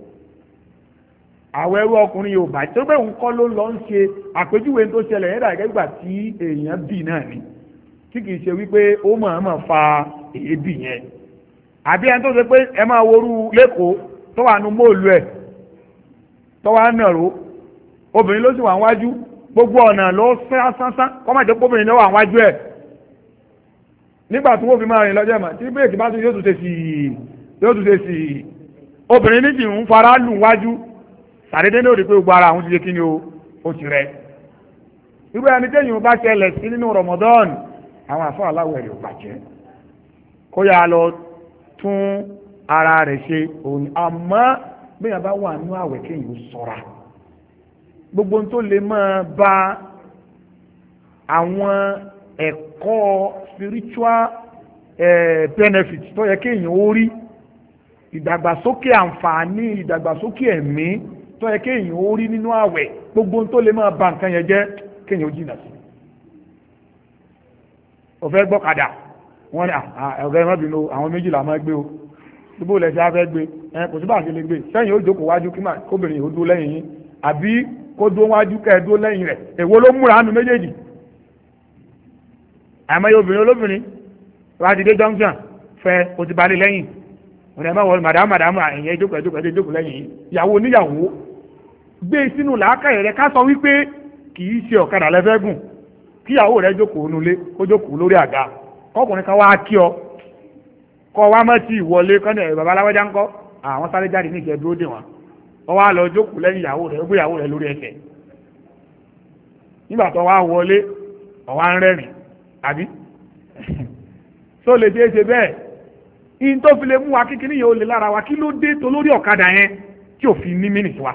àwẹ̀ ẹrú ọkùnrin yóò bàjẹ́ tó bẹ́ẹ̀ ń kọ́ ló lọ ń ṣe àpèjúwe tó ṣẹlẹ̀ yẹn tí èèyàn bì náà ni tí kìí ṣe wípé ó mọ̀ọ́mọ̀ fa èébì yẹn àbí ẹni tó ṣe pé ẹ máa worú lẹ́kọ̀ọ́ tó wà nu móòlù ẹ̀ tó wà nàró obìnrin ló sì wà wájú gbogbo ọ̀nà ló sán sánsán kọ́ máa jẹ́ pé obìnrin ló wà wájú ẹ̀ nígbà tí wọ́n fi máa rìn lọ́jọ́ ìmọ̀ tí bírèkì bá tún yóò tún ṣe sí i yóò tún ṣe sí i obìnrin méjì ń fara lù wájú sàdédé ní òde pé gbogbo ara àwọn ti ṣe kí ni o ó ti rẹ irú ẹni téèyàn bá ṣẹlẹ̀ sí nínú Ramadan àwọn àfáà aláwẹ̀ rẹ̀ ò bàjẹ́ kó yá lọ tún ara rẹ̀ ṣe òun àmọ́ bẹ́ẹ̀ bá wà nínú àwẹ̀ kéèyàn sọ́ra gbogbo tó lè máa ba àwọn ẹ̀kọ́ spiritual eh, benefit tó yẹ kéèyàn ó rí ìdàgbàsókè àǹfààní ìdàgbàsókè ẹ̀mí tó yẹ kéèyàn ó rí nínú àwẹ̀ gbogbo tó lè máa ba nǹkan yẹn jẹ́ kéèyàn ó jìnnà sí ó fẹ́ gbọ́kadà wọ́n ní ah, ah, ọ̀gá ẹ̀rọ bínú àwọn méjìlá máa gbé o síbò lẹ́sẹ̀ á fẹ́ gbé ẹ kò síbà sí lè gbé sẹ́yìn ó jókòó wájú kí máa kóbìnrin yìí ó dúró lẹ́yìn yín àbí kó dúró wájú kẹ́ ẹ dúró lẹ́yìn rẹ̀ èwo ló múra nu méjèèjì àmọ́ obìnrin olóbìnrin wádìí junction fẹ́ o ti balẹ̀ lẹ́yìn ọ̀nà ẹ̀ máa wọ màdàmú màdàmú àyẹ̀yẹ́ ìjókòó ẹ̀jókòó ẹ̀jẹ̀ ìjókòó lẹ́yìn yìí ìyàwó oníyàwó gbé sínú làákàyè rẹ̀ ká sọ wípé kì í ṣe ọ̀kadà lẹ́fẹ́ gùn kíyàwó rẹ jókòó nulẹ̀ ó jókòó lórí àga kọkùnrin kan wá kí ọ kọ wá mọ́ tí ìwọlé kọ́ni ẹ̀rọ baba aláwọ́já ń kọ àwọn sáré ní dúró dè wọn ọ wá lọ jókòó lẹ́yìn ìyàwó rẹ gbé rẹ lórí nígbà tó wá wọlé ọ wá ń àbí tó lè ṣeé ṣe wa kékeré yẹn ó lè wa kí ló dé tó lórí ọ̀kadà yẹn tí ní wa.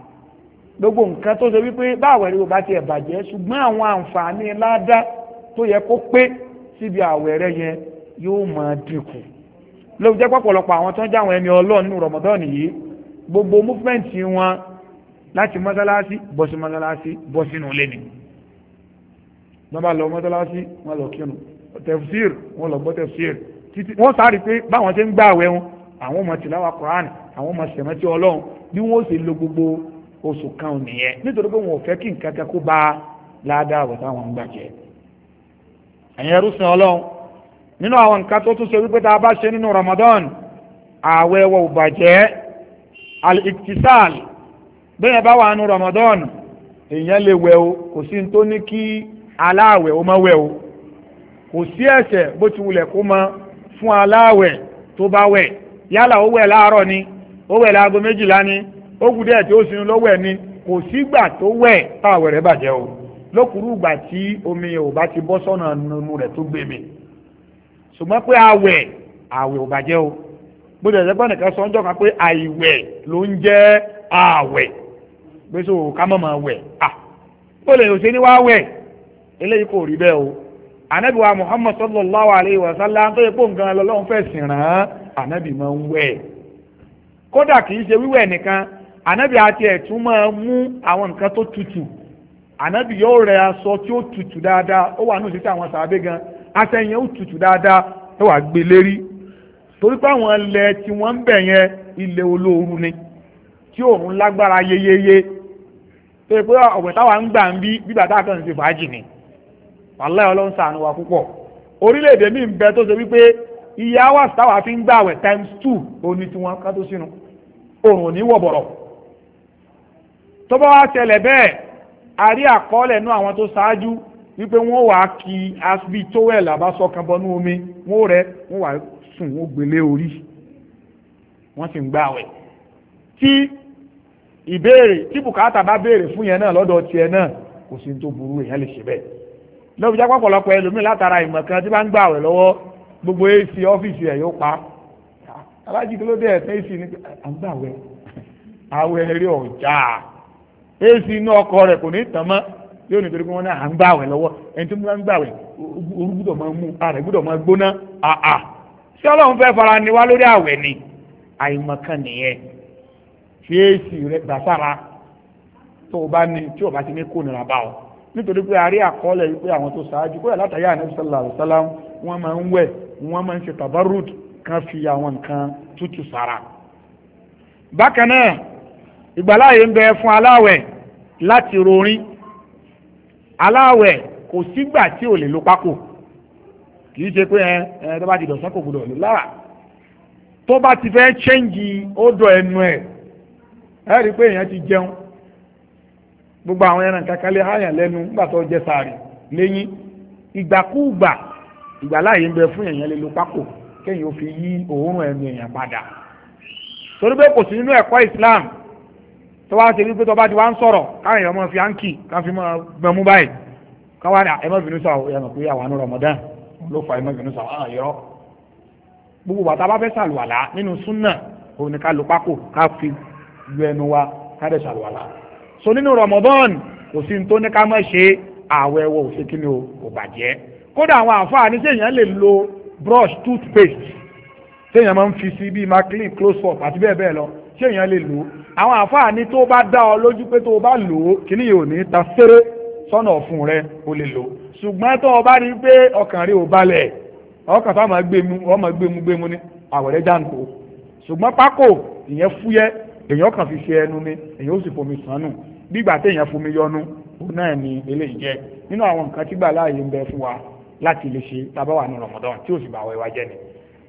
gbogbo nǹkan tó ṣe wípé báwẹ̀ rí o bá ti ẹ̀ bàjẹ́ ṣùgbọ́n àwọn àǹfààní ládá tó yẹ kó pé síbi àwẹ̀ rẹ yẹn yóò máa dínkù lóun jẹ́ pọ̀pọ̀lọpọ̀ àwọn tó ń jáwọn ẹni ọlọ́run nínú rọmọdọ́ọ̀nì yìí gbogbo múfẹ́ǹtì wọn láti mọ́sálásí bọ́ sí mọ́sálásí bọ́ sínú ilé ni wọ́n bá lọ mọ́sálásí wọ́n lọ kírun tẹfsir wọ́n lọ gbọ́ tẹfsir títí wọ́n sáré pé báwọn ṣe ń gbààwẹ̀ wọn àwọn ọmọ tìláwà Kùránì àwọn ọmọ sẹ̀mẹ́tì ọlọ́run bí wọ́n ó ṣe lo gbogbo oṣù kan nìyẹn nítorí pé wọn ò fẹ́ kí nǹkan kan kó bá ládàá àwọ̀ táwọn ń gbàjẹ́ ẹ̀yin ẹrú sin ọlọ́run nínú àwọn nǹkan tó tún ṣe wípé tá a bá ṣe nínú Ramadan ààwẹ̀ wọ ò bàjẹ́ al-iktisal bẹ́ẹ̀ bá wà nínú Ramadan èèyàn lè wẹ̀ o kò sí ní tó ní kí aláàwẹ̀ ó má wẹ̀ o kò sí ẹ̀ṣẹ̀ bó ti wulẹ̀ kó mọ fún aláàwẹ̀ tó bá wẹ̀ yálà ó wẹ̀ láàárọ̀ ni ó wẹ̀ láago méjìlá ni ó kù díẹ̀ tí ó sinú lọ́wọ́ ẹ̀ ni kò sígbà tó wẹ̀ táwẹ̀ rẹ̀ bàjẹ́ o lókùrú ìgbà tí omi ò bá ti bọ́ sọ́nà nínú rẹ̀ tó gbé mi pé àwẹ̀ àwẹ̀ ò bàjẹ́ o bóde ẹ̀sẹ̀gbọ́n nìkan sọ ọjọ́ kan pé àìwẹ̀ ló ń jẹ́ àwẹ̀ pé so ká mọ̀ máa wẹ̀ à ó lè ṣe ní wá wẹ̀ eléyìí kò rí bẹ́ẹ̀ o anabi wa muhammad sallallahu alayhi wa sallam tó yẹ kó nǹkan lọ́lọ́run fẹ́ sìn rán anabi máa ń wẹ̀ kódà kì í ṣe wíwẹ̀ nìkan Anabi àti ẹ̀tún máa mú àwọn nǹkan tó tutù Anabi yóò rẹ aṣọ tí ó tutù dáadáa ó wà nùsí sí àwọn sàábé gan aṣẹ́yìn ó tutù dáadáa ẹ wà gbé lérí torí pé àwọn ilẹ̀ tí wọ́n ń bẹ̀ yẹn ilẹ̀ olóoru ni tí òun lágbára yeyeye tó yẹ pé ọ̀pẹ̀ táwa ń gbà ń bí bíbà tá a kàn ni wàhálà ọlọ́run ṣàánú wa púpọ̀ orílẹ̀-èdè mi ń bẹ tó ṣe times two tiwọn sínú ò ní wọ̀ tó bá wá ṣẹlẹ̀ bẹ́ẹ̀ a rí àkọọ́lẹ̀ nú àwọn tó ṣáájú wípé wọ́n wà á kí asbi towel àbásọ́kan bọ́nú omi wọ́n rẹ̀ wọ́n wà sùn wọ́n gbélé orí wọ́n sì ń gbààwẹ̀ tí ìbéèrè tí bùkátà bá béèrè fún yẹn náà lọ́dọ̀ tiẹ̀ náà kò sí ní tó burú èèyàn lè ṣe bẹ́ẹ̀ lọ́bi jápá pọ̀lọpọ̀ ẹlòmíì látara ìmọ̀ kan tí bá ń gbààwẹ̀ lọ́wọ́ gbogbo ac ọ́fíìsì ẹ̀ yóò pa alájí kí ló dé ẹ̀sìn ac ní à ń gbààwẹ̀ àwẹ̀ eré ọ̀já èsì inú ọkọ rẹ̀ kò ní tàn mọ́ yóò nítorí pé wọ́n náà à ń gbàwẹ̀ lọ́wọ́ ẹni tó ń gbàwẹ̀ orú gbúdọ̀ máa mú ara rẹ̀ gbúdọ̀ máa gbóná àà ṣé ọlọ́run fẹ́ fara ni wá lórí àwẹ̀ ni àìmọ̀kan nìyẹn fi èsì rẹ̀ gbàsára tó o bá ní tí o bá ti ní kó nira bá ọ nítorí pé a rí àkọọ́lẹ̀ wípé àwọn tó ṣáájú bóyá látàrí ànábì sallallahu alaihi wọ́n máa ń wẹ̀ wọ́n máa ń ṣe ìgbàláyè ń bẹ fún aláwẹ̀ láti rorin aláwẹ̀ kò sígbà tí ò lè lo pákò kì í ṣe pé ẹ ẹ tó bá ti dọ̀sán kò gbọdọ̀ lò lára tó bá ti fẹ́ ṣẹ́ǹgì odò ẹnu ẹ̀ ẹ rí i pé èèyàn ti jẹun gbogbo àwọn ẹran nígbà tó jẹ fún èèyàn lè lo kéèyàn ó fi yí òórùn ẹnu èèyàn padà torí pé kò sí nínú Islam tó bá ṣe wípé tó bá ti wá ń sọ̀rọ̀ káwọn èèyàn máa fi áńkì ká fi máa gbẹmú báyìí káwọn ẹ má bínú sọ ẹ mọ̀ pé àwọn àánú Ramadan ló fa ẹ má bínú sọ àwọn àyọrọ gbogbo bàtà bá fẹ́ ṣàlùwàlá nínú súnà òun ni ká lo pákó ká fi lu ẹnu wa ká dẹ̀ ṣàlùwàlá so nínú Ramadan kò sí ní tó ní ká má ṣe ààwẹ̀ wọ òṣè kí ni o kò bàjẹ́ kódà àwọn àǹfààní ní sèèyàn lè lo brush toothpaste sèèyàn máa ń fi sí bíi maclean close up àti bẹ́ẹ̀ bẹ́ẹ̀ lọ sèèyàn lè lò ó àwọn àfáà ní tó bá dá ọ lójú pé tó bá lò ó kíní yìí ò ní ta féré sọ́nà ọ̀fun rẹ o lè lò ṣùgbọ́n tó o bá rí pé ọkàn rẹ ò balẹ̀ ọkàn fáwọn máa gbẹmú gbẹmú ní àwọ̀ jáǹkó ṣùgbọ́n pákó ìyẹn fúyẹ́ èyàn kàn fi ṣe ẹnu ni èyàn ó sì fomi sànù gbígbà téèyàn fomi yọnu òun náà ni eléyìí jẹ nínú àwọn nǹkan tí gbà láàyè ń bẹ fún wa láti lè ṣe tábà wà ní Ramadan tí ò sì bá wẹ̀ wá ni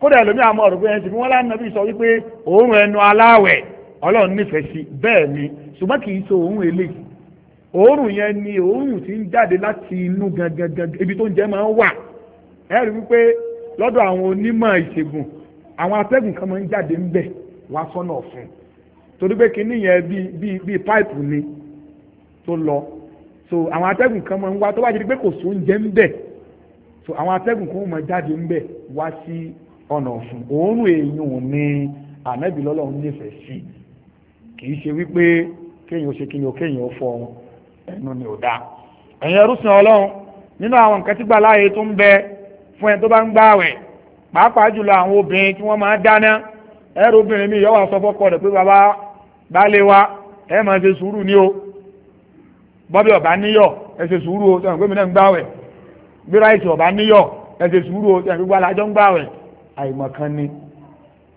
kódà ẹlòmíà mọ̀ ọ̀rọ̀ pé ẹ̀ ń sìn lánàá bí sọ wípé òórùn ẹnu aláwẹ̀ ọlọ́run nífẹ̀ẹ́ sí bẹ́ẹ̀ ni ṣùgbọ́n kì í so òórùn eléyìí òórùn yẹn ni òórùn tí ń jáde láti inú gangan ibi tó ń jẹ́ máa ń wà ẹ rí wípé lọ́dọ̀ àwọn onímọ̀ ìṣègùn àwọn atẹ́gùn kan máa ń jáde ń bẹ̀ wá sọ́nà ọ̀fun torí pé kinní yẹn bíi bíi ni tó lọ so àwọn atẹ́gùn kan máa ń wá tó wá jẹ́ pé kò sóúnjẹ ń bẹ̀ so àwọn atẹ́gùn kan máa jáde ń bẹ̀ wá sí ọ̀nà ọ̀fun òórùn èèyàn ni ànábìlọ́lọ́run nífẹ̀ẹ́ sí i kìí ṣe wípé kéèyàn ó ṣe kí ni ó kéèyàn ó fọ ẹnu ni ò dáa ẹ̀yin ẹrúsìn ọlọ́run nínú àwọn nǹkan tí gbàláyé tó ń bẹ fún ẹni tó bá ń gbààwẹ̀ pàápàá jùlọ àwọn obìnrin tí wọ́n máa dáná ẹrù obìnrin mi yọ̀wọ̀ sọ fọ́kọ rẹ̀ pé bàbá baálé wa ẹ máa ṣe sùúrù ni o bọ́bí ọ̀bá níyọ̀ ẹ ṣe sùúrù o sọ̀rọ̀ pé mi náà ń gbààwẹ̀ bí ráìsì ọ̀bá níyọ̀ ẹ ṣe sùúrù o sọ̀rọ̀ pé gbàlá àjọ ń gbààwẹ̀ àìmọ̀kan ni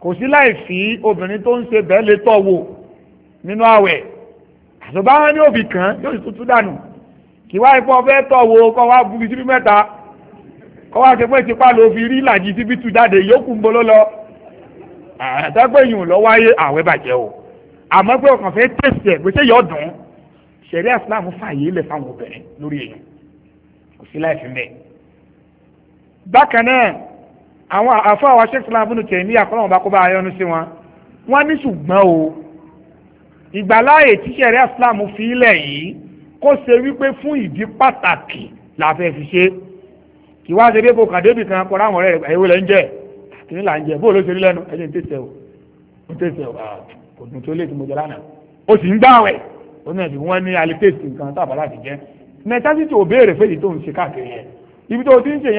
kò sí láì fi obìnrin tó ń ṣe bẹ́ẹ̀ lè tọ̀ wò nínú àwẹ̀ àṣọ̀bá wọn ní òbí kan yóò sì tuntun dànù kí wá ipò ọfẹ́ tọ̀ wo kọ́ wá bubi síbi mẹ́ta kọ́ wá ṣe pé tipa ló fi rí ìlàjì síbi tu jáde yókù ń bolo lọ àtẹ́gbẹ̀yìn lọ wáyé àwẹ̀ bàjẹ́ o àmọ́ pé ọkàn fẹ́ tẹ̀sí ẹ̀ gbèsè yọ̀ dùn ṣẹ̀rí àsìláàmù fààyè lẹ̀ fáwọn obìnrin lórí èèyàn kò sí láì fi mẹ́ bákan náà àwọn àfọ àwọn aṣẹ́kùsíláàmù nù tẹ̀ ní àkọ́lọ́wọ́n bá kó bá ayọ́nu sí wọn wọ́n ní ṣùgbọ́n o ìgbàláyè tí sẹ̀rí islam fi ilẹ̀ yìí kó ṣe wípé fún ìdí pàtàkì la fẹ́ fi ṣe kì wá ṣe dépò kàdébì kan kọ́ra àwọn ọ̀rẹ́ rẹ̀ ẹ̀wọ́ lẹ́ ń jẹ́ kìíní là ń jẹ́ bó ló ṣe rí lẹ́nu ẹ̀jẹ̀ ń tẹ̀sẹ̀ o ń tẹ̀sẹ̀ o ah, kò dùn tó lè tí mo jẹ lánàá o sì ń gbàwẹ̀ o ní ẹ̀sìn wọn ní alitẹ́sì nǹkan tá a bá láti jẹ́ nẹ́tàsítì ò béèrè fèyí tó ń ṣe káàkiri yẹn ibi tó ti ń ṣe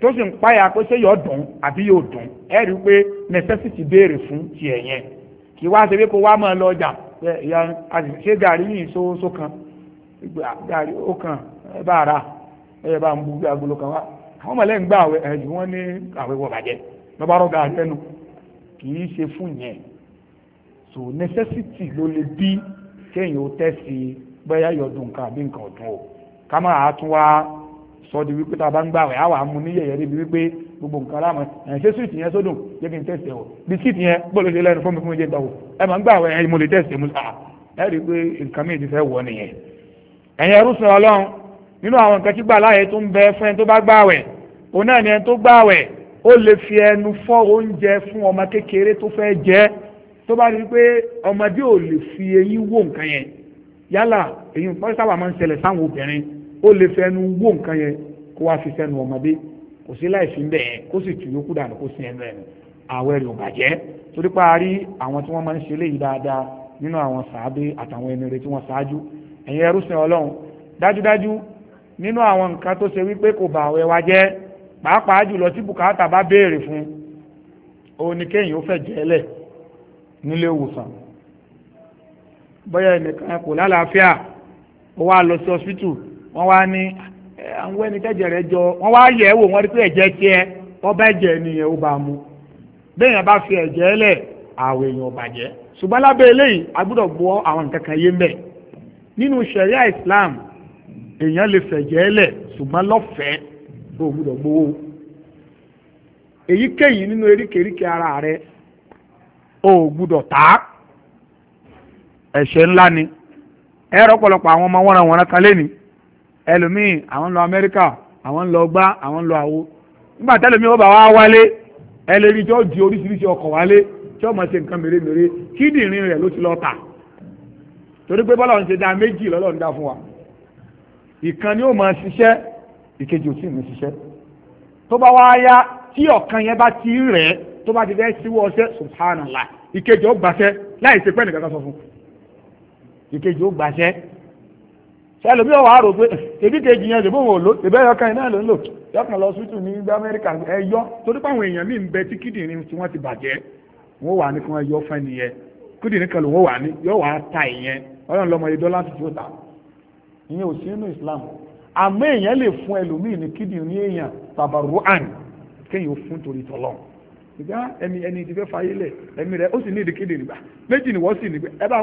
tó sì ń páyà pé ṣé yóò dùn àbí yóò dùn ẹ rí i pé necessity béèrè fún tiẹ̀ yẹn kì í wá ṣe pé kó wá máa lọ ọjà ṣé gàrí yìí sóso kan gàrí ó kan ẹ bá ra ẹ bá ń bu agolo kan wá àwọn mọ̀lẹ́ ń gbà ẹ̀jú wọn ní àwẹ̀wọ̀ bàjẹ́ lọ́ba rọ̀ gàrí ẹnu kì í ṣe fún yẹn so necessity ló lè bí kéèyàn ó tẹ̀sí bẹ́yà yọ̀dùn nǹkan àbí nǹkan ọ̀dùn o ká máa tún wá sọ di wípé tá a bá ń gbàwẹ̀ á wà á mu ní yẹ̀yẹ́ débi wípé gbogbo nǹkan aláàmọ́ ẹ̀ ṣé sùìtì yẹn sódùn jẹ́ kí n tẹ̀sẹ̀ o bisikíìtì yẹn bọ́ọ̀lù ṣe lẹ́nu fún mi fún mi jẹ́ ìgbà wò ẹ máa ń gbàwẹ̀ ẹ̀ mo lè tẹ̀sẹ̀ mo sà ẹ rí i pé nǹkan mi ti fẹ́ wọ nìyẹn. ẹ̀yin ẹrú sọ ọlọ́run nínú àwọn nǹkan tí gbà láàyè tó ń bẹ fún ẹni tó bá gbàwẹ̀ òun ni ẹni tó gbàwẹ̀ ó lè fi ẹnu fọ́ oúnjẹ fún ọmọ kékeré tó fẹ́ jẹ tó bá rí i pé ọmọdé ò lè ó lè fẹnu wó nǹkan yẹn kó wá fi fẹnu ọmọdé kò sí láìsí ń bẹ̀ yẹn kó sì tù yókù dànù kó sí ẹnu ẹnu àwẹ̀ rẹ̀ ò bàjẹ́ torí pa àárí àwọn tí wọ́n máa ń ṣe léyìí dáadáa nínú àwọn sàábé àtàwọn ẹni rẹ̀ tí wọ́n ṣáájú ẹ̀yin ẹrúsìn ọlọ́run dájúdájú nínú àwọn nǹkan tó ṣe wípé kò bà àwẹ̀ wa jẹ́ pàápàá jùlọ tí bùkátà bá béèrè fún òun ni kéèyàn ó fẹ́ jẹ́ ẹlẹ̀ nílé ìwòsàn bóyá ẹnìkan kò lálàáfíà ó wá lọ sí ọsítù wọ́n wá ní eh, àwọn ẹni tẹ́jẹ̀ rẹ̀ jọ wọ́n wá yẹ̀ wò wọ́n rí pé ẹ̀jẹ̀ tiẹ̀ ọba ẹ̀jẹ̀ ó bá mu bá fi ẹ̀jẹ̀ lẹ̀ àwọ̀ èèyàn bàjẹ́ ṣùgbọ́n lábẹ́ eléyìí a gbọ́dọ̀ gbọ́ àwọn nǹkan kan yé nínú ṣẹ̀ríà Islam èèyàn lè fẹ̀jẹ̀ lẹ̀ ṣùgbọ́n lọ́fẹ̀ẹ́ gbọ́dọ̀ gbowó èyíkéyìí ara gbọ́dọ̀ ẹ̀ṣẹ̀ ńlá ni ẹ̀rọ ọ̀pọ̀lọpọ̀ àwọn ọmọ ẹlòmíì àwọn ń lọ amẹ́ríkà àwọn ń lọ gbá àwọn ń lọ àwo nígbà tẹ́lòmíì ó bá wá wálé ẹlẹ́rìí tí ó di oríṣiríṣi ọkọ̀ wálé tí ó máa ṣe nǹkan mèremère kídìrín rẹ̀ ló ti lọ tà torí pé bọ́lá ń ṣe dá méjì lọ́lọ́ ń dá fún wa ìkan ni ó máa ṣiṣẹ́ ìkejì ò sì ní ṣiṣẹ́ tó bá wá yá tí ọ̀kan yẹn bá ti rẹ̀ tó bá ti fẹ́ síwọ́ ọṣẹ́ subhanallah ìkejì ó gbàṣẹ́ láì ṣe pẹ́ nìkan kan sọ fún ìkejì ó gbàṣẹ́ sẹ́lùmí ọ̀wà àrò pé èdè kejì yẹn ṣe bóun ò lò ìbẹ́ yọkan iná ló ń lò yọkan lọ sútù ní ilẹ̀ amẹ́ríkà ẹ̀yọ́ torí pé àwọn èèyàn míì ń bẹ tí kíndìnrín tí wọ́n ti bàjẹ́ wọ́n wà ní kí wọ́n yọ fún ẹnìyẹn kíndìnrín kan ló wọ́n wà ní yọ wà á ta ìyẹn ọlọ́run lọ́mọ yìí dọ́là tuntun ta ìyẹn ò sí nínú Islam àmọ́ èèyàn lè fún ẹlòmíì ní kíndìnrín èèyàn tabaruan kéèyàn fún torí tọ́lọ́ ìgbà ẹni ẹni ti fẹ́ fayé lẹ̀ ẹni rẹ̀ ó sì ní ìdíkéde nígbà méjì ni wọ́n sì nígbà ẹ bá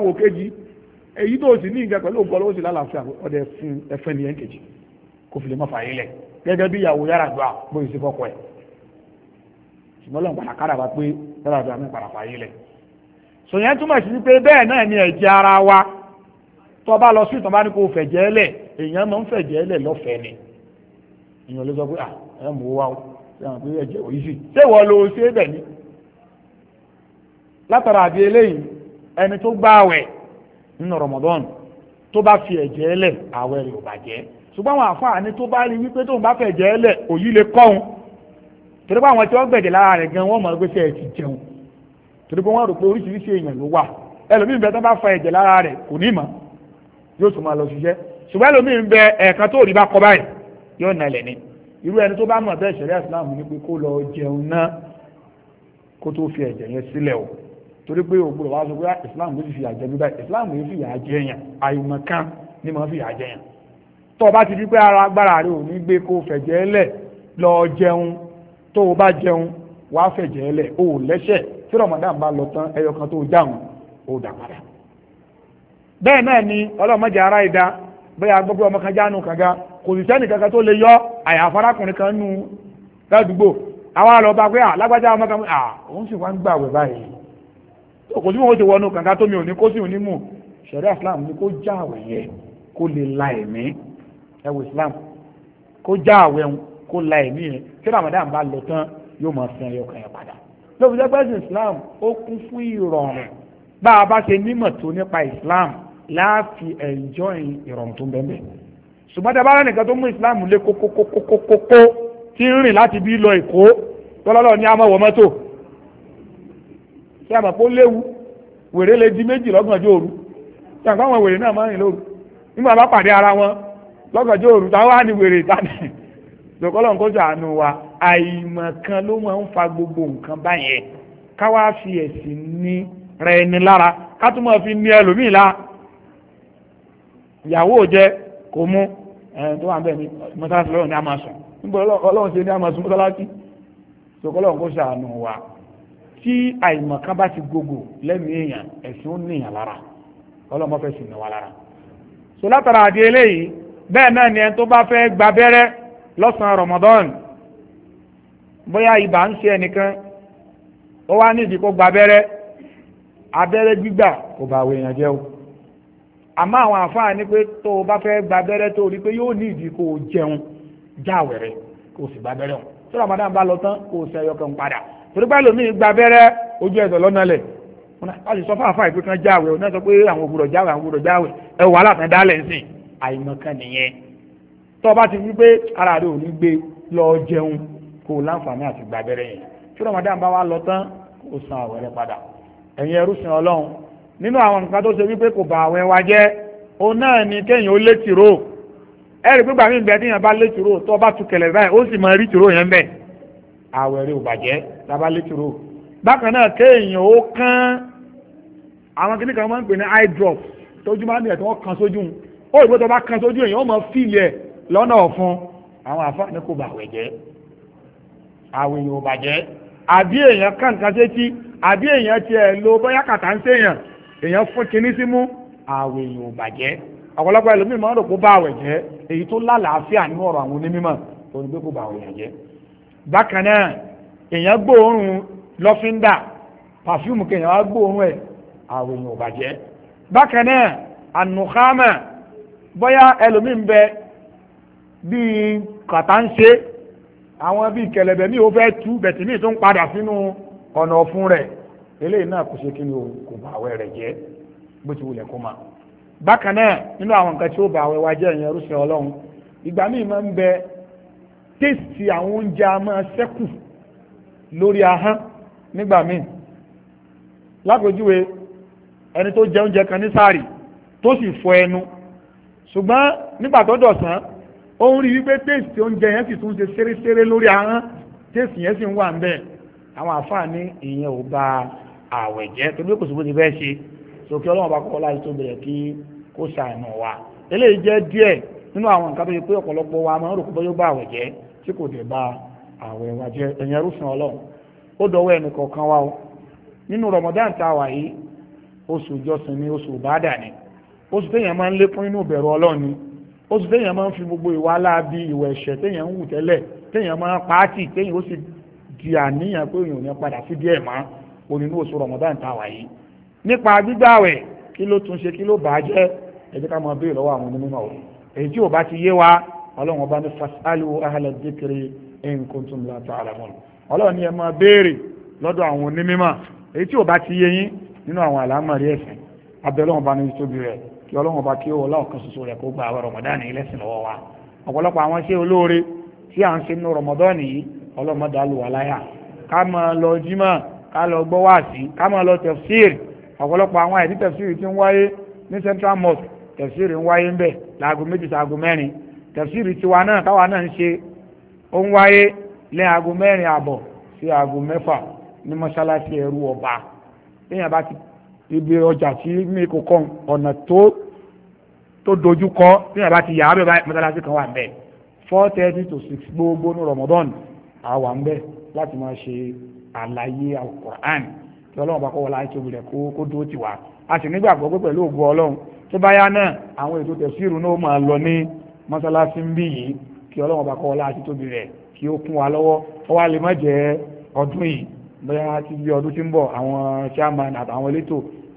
èyí tó sì ní nǹkan pẹ̀lú ògbọ́ lọ́wọ́ sí lálàáfíà ọdẹ fún ẹfẹ́ ní ẹnkejì kò fi lè mọ́ fàyè lẹ̀ gẹ́gẹ́ bí ìyàwó yàrá gbà bóyá sí fọ́kọ ẹ̀ ṣùgbọ́n lọ́n padà kára bá pé yàrá gbà mí padà fàyè lẹ̀ sòyẹn túmọ̀ sí pé bẹ́ẹ̀ náà ni ẹ̀jẹ̀ ara wa tó bá lọ sí ìtàn bá ní kó fẹ̀jẹ̀ lẹ̀ èèyàn máa ń fẹ̀jẹ̀ lẹ̀ lọ́fẹ̀ẹ́ ni èèyàn ló sọ pé ẹ mú wa o sẹ́wọ̀n pé ẹ̀jẹ̀ òyì sí ṣé ìwọ lo ṣe é bẹ̀ ni ẹni tó gbààwẹ̀ nínú Ramadan tó bá fi ẹ̀jẹ̀ lẹ̀ àwẹ̀ rẹ̀ ò bàjẹ́ ṣùgbọ́n àwọn àfààní tó bá rí wípé tóun bá fẹ́ jẹ́ lẹ̀ òyì lè kọ́hun torí pé àwọn tí wọ́n gbẹ̀jẹ̀ lára rẹ̀ gan wọ́n mọ̀ pé ṣe ẹ̀ ti jẹun torí pé wọ́n rò pé oríṣiríṣi èèyàn ló wà ẹlòmíín bẹ tó bá fa ẹ̀jẹ̀ lára rẹ̀ kò ní mọ̀ yóò tún máa lọ ṣiṣẹ́ ṣùgbọ́n ẹlòmíín bẹ ẹ̀ẹ̀kan tó rí bá kọ báyìí yóò nà lẹ̀ ni irú ẹni tó bá mọ̀ bẹ́ẹ̀ ṣẹ̀rí àsìláàmù ni pé kó lọ jẹun náà kó tó fi ẹ̀jẹ̀ yẹn sílẹ̀ o torí pé ògbúrò wá sọ pé ah, islam ló fi fìyà bíbá islam ló fi fìyà jẹ yàn àìmọ̀kan ni mo fi fìyà jẹ yàn tó o bá ti di pé ara agbára rẹ ò ní gbé kó fẹ̀jẹ̀ lẹ̀ lọ jẹun tó o bá jẹun wá fẹ̀jẹ̀ lẹ̀ o ò lẹ́sẹ̀ tí ramadan bá lọ tán ẹyọ kan tó o dáhùn o dà padà. bẹ́ẹ̀ náà ni ọlọ́mọdé ara ìdá bẹ́ẹ̀ agbọ́gbẹ́ ọmọ kan jánu kànga kò sì sẹ́ni kankan tó lè yọ àyàfọ́ kan nù kò sí wọn ti wọnú kàkà tó mi ò ní kó sí òní mú islam ni kó já àwẹ̀ yẹn kó lè la ẹ̀mí ẹwọ islam kó já àwẹ̀ ń kó la ẹ̀mí yẹn tí ramadan bá lọ tán yóò máa fi ẹyọ kan yẹn padà lóbi jẹ́ pẹ́sì islam ó kún fún ìrọ̀rùn bá a bá ṣe nímọ̀ tó nípa islam láàfi enjoy ìrọ̀rùn tó ń bẹ́ẹ̀ bẹ́ẹ̀ ṣùgbọ́n tí a bá rẹ̀ nìkan tó mú islam lé kókókókókókó tí ń rìn láti bí lọ èkó ṣé a pé ó léwu wèrè lè di méjì lọ́gànjọ́ òru ṣé àmọ́ àwọn wèrè náà máa rìn lóru nígbà bá pàdé ara wọn lọ́gànjọ́ òru táwa ni wèrè tani lọ́kọ́lọ́n kó sàánú wa àìmọ̀kan ló máa ń fa gbogbo nǹkan báyẹn káwá fi ẹ̀sìn ní rẹ̀ ni lára ká fi ní la ìyàwó jẹ kò mú ẹ̀ẹ́n tó wà ń bẹ̀ mọ́sálásí a máa sùn nígbà tí àìmọ̀kan bá ti gbogbo lẹ́nu èèyàn ẹ̀sìn ó níyàn lára ọlọ́mọ fẹ́ sì ní wa lára so látara àdé eléyìí bẹ́ẹ̀ náà ni ẹni tó bá fẹ́ gba abẹ́rẹ́ lọ́sàn-án Ramadan bóyá ibà ń ṣe ẹnìkan ó wá nídìí kó gba abẹ́rẹ́ abẹ́rẹ́ gbígbà kò bá àwọn jẹ́ o àmọ́ àwọn àfáà ní pé tó o bá fẹ́ gba abẹ́rẹ́ tó o rí pé yóò ní ìdí kó o jẹun jáwèrè kó o sì gba abẹ́rẹ́ o tí torí pé lómi gba abẹ́rẹ́ ojú ẹ̀sọ̀ lọ́nà lẹ̀ wọ́n ti sọ fún àfáà ìpínkan jáwé ọ̀nà sọ pé àwọn òwúrọ̀ jáwé àwọn òwúrọ̀ jáwé ẹ wà látàn dálẹ̀ sí àìmọ̀kan nìyẹn tó bá ti wí pé ara rẹ̀ ò ní gbé lọ jẹun kò láǹfààní àti gba abẹ́rẹ́ yẹn tí Ramadan bá wá lọ tán kò san àwẹ̀ rẹ̀ padà ẹ̀yin ẹrú sin Ọlọ́run nínú àwọn nǹkan tó ṣe wípé kò bà àwẹ̀ wa jẹ́ òun náà ni kéèyàn ó lé tìró ẹ̀rí pé gbàmí ìgbẹ́ àwẹ̀ rẹ̀ ò bàjẹ́ tábà létúrò bákan náà kéèyàn ó kán àwọn kìnnìkan wọn máa ń pè ní eye drop tójú máa ń nìyẹn tí wọ́n kan sójú ó ìgbó tó bá kan sójú èèyàn ó mọ fíìlì ẹ̀ lọ́nà ọ̀fun àwọn àfáàní kò bà wẹ̀ jẹ́ àwẹ̀ yóò bàjẹ́ àbí èèyàn kàǹkan sétí àbí èèyàn tiẹ̀ lo bóyá kàtà ń séèyàn èèyàn fún kinní sí mú àwẹ̀ yóò bàjẹ́ ọ̀pọ̀lọpọ̀ ẹlòmíì máa ń rò kó bá àwẹ̀ èyí tó lálàáfíà nínú ọ̀rọ̀ àwọn onímọ̀ tó ní pé kó bá àwẹ̀ bákan náà èèyàn gbóòórùn lọ́fíńdà pàfíùmù kèèyàn wá gbóòórùn ẹ̀ àwọn èèyàn ò bàjẹ́ bákan náà ànùkámà bóyá ẹlòmíín bẹ bíi kàtàǹṣe àwọn bíi kẹlẹbẹ mi ò fẹ́ tú bẹ̀tì mi tó ń padà sínú ọ̀nà ọ̀fun rẹ̀ eléyìí náà kò ṣe kí ni o kò bá àwẹ̀ rẹ̀ jẹ́ bó ti wulẹ̀ kó máa bákan nínú àwọn nǹkan tí ó bá àwẹ̀ wa ìyẹn rúṣin ọlọ́run ìgbà míì máa ń bẹ tèsì àwọn oúnjẹ a máa ṣẹ́kù lórí ahọ́n nígbà míì lápèjúwe ẹni tó jẹ oúnjẹ kan ní sáàrì tó sì fọ ẹnu ṣùgbọ́n nígbà tó dọ̀sán ó ń rí wípé tèsì oúnjẹ yẹn sì tún ṣe ṣeréṣeré lórí ahọ́n tèsì yẹn sì ń wà ń àwọn àfààní ìyẹn ò ba àwẹ̀ jẹ́ torí kò sí ti fẹ́ ṣe sókè ọlọ́run bá kọ́kọ́ láti tó bẹ̀rẹ̀ kí kó ṣàìmọ̀ wa eléyìí jẹ́ díẹ̀ nínú àwọn nǹkan tó yẹ pé ọ̀pọ̀lọpọ̀ wa máa ń rò pé yóò bá àwẹ̀ jẹ́ tí kò dẹ̀ ba àwẹ̀ wa jẹ́ ẹ̀yìn ẹrúsìn ọlọ́run ó dọwọ́ ẹnì kọ̀ọ̀kan wa o nínú Ramadan tá a wà yìí oṣù ìjọsìn ni oṣù ìbáàdà ni oṣù téèyàn máa ń lékún inú ìbẹ̀rù ọlọ́run ni oṣù téèyàn máa ń fi gbogbo ìwà aláàbí ìwà ẹ̀ṣẹ̀ téèyàn ń wù tẹ́lẹ̀ téèyàn máa pàátì téèyàn ó sì di àníyàn pé èèyàn ò ní padà sí díẹ̀ mọ́ òní inú oṣù Ramadan tá a wà yìí nípa gbígbàwẹ̀ kí ló tún ṣe kí ló bàá jẹ́ ẹ jẹ́ ká máa béèrè lọ́wọ́ àwọn onímọ̀ èyí tí ò bá ti yé wa ọlọ́run ọba ní fasalu ahla dhikri in kuntum la ta'lamun ọlọ́run ni ẹ máa béèrè lọ́dọ̀ àwọn onímọ̀ èyí tí ò bá ti yé yín nínú àwọn àlámọ̀rí ẹ̀sìn abẹ́lọ́run ọba ní tóbi rẹ̀ kí ọlọ́run ọba kí ọlá ọ̀kan ṣoṣo rẹ̀ kó gba àwọn Ramadan yìí lẹ́sìn lọ́wọ́ wa ọ̀pọ̀lọpọ̀ àwọn iṣẹ́ olóore tí à ń ṣe nínú Ramadan yìí ọlọ́mọdé alùwàláyà ká máa lọ jímọ̀ ká lọ gbọ́ wáàsí ká máa lọ tafsir Central Mosque tafsir ń wáyé ń bẹ̀ láago méjì tẹ̀síìrì tiwa náà táwa náà ń ṣe ó ń wáyé lẹ́yìn aago mẹ́rin àbọ̀ sí aago mẹ́fà ní mọ́ṣáláṣí ẹrú ọba lẹ́yìn àbá ti ibi ọjà tí mi kò kọ́ ọ̀nà tó tó dojú kọ lẹ́yìn àbá ti yà á bẹ̀ báyìí mọ́ṣáláṣí kan wà ń bẹ̀ four thirty to six gbogbo ní Ramadan àwa ń bẹ̀ láti máa ṣe àlàyé alukur'an tí ọlọ́run bá kọ́ wọlé àti òbí rẹ̀ kó dúró tiwa a sì nígbàgbọ́ pé pẹ̀lú ògùn ọlọ́run tó bá náà àwọn ètò tẹ̀síìrù náà máa lọ ní mọ́sálásí ń bí yìí kí ọlọ́run bá kọ́ ọlá àti tóbi rẹ̀ kí ó kún wa lọ́wọ́ ó wá lè má jẹ́ ọdún yìí bóyá ti bí ọdún tí ń bọ̀ àwọn chairman àtàwọn elétò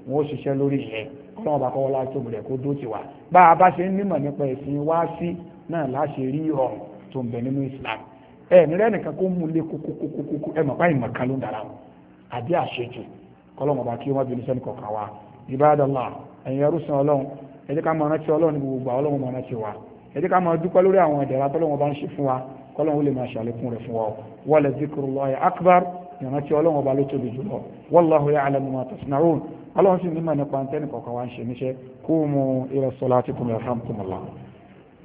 wọn ó ṣiṣẹ́ lórí ìyẹn ọlọ́run bá kọ́ ọlá àti tóbi rẹ̀ kó dó tiwa bá a bá ṣe ń nímọ̀ nípa ẹ̀sìn wá sí náà láṣẹ rí ọ̀run tó ń bẹ nínú Islam ẹ nílẹ̀ nìkan kó mú lé kókókókókó ẹ mọ̀ báyìí mọ̀ kan ló ń dara wọn àbí àṣejù kọ́lọ́mọ̀ wa Ibadallah ẹ̀yin ẹrú sin ọlọ́run ẹ jẹ́ ká mọ̀ ọ́nà tí ẹ jẹ́ ká máa dúpẹ́ lórí àwọn ìdẹ̀ra tọ́lọ́wọ́n bá ń ṣe fún wa kọ́lọ́wọ́n lè máa ṣàlékún rẹ̀ fún wa wa la zikrullahi akbar ìyànà tí ọlọ́wọ́n bá ló tóbi jùlọ wallahu ya'lamu ma tasna'un ọlọ́wọ́n sì ní mọ̀ nípa ntẹ́nì kọ̀ọ̀kan wa ń ṣe níṣẹ́ kumu ila salatikum yarhamkumullah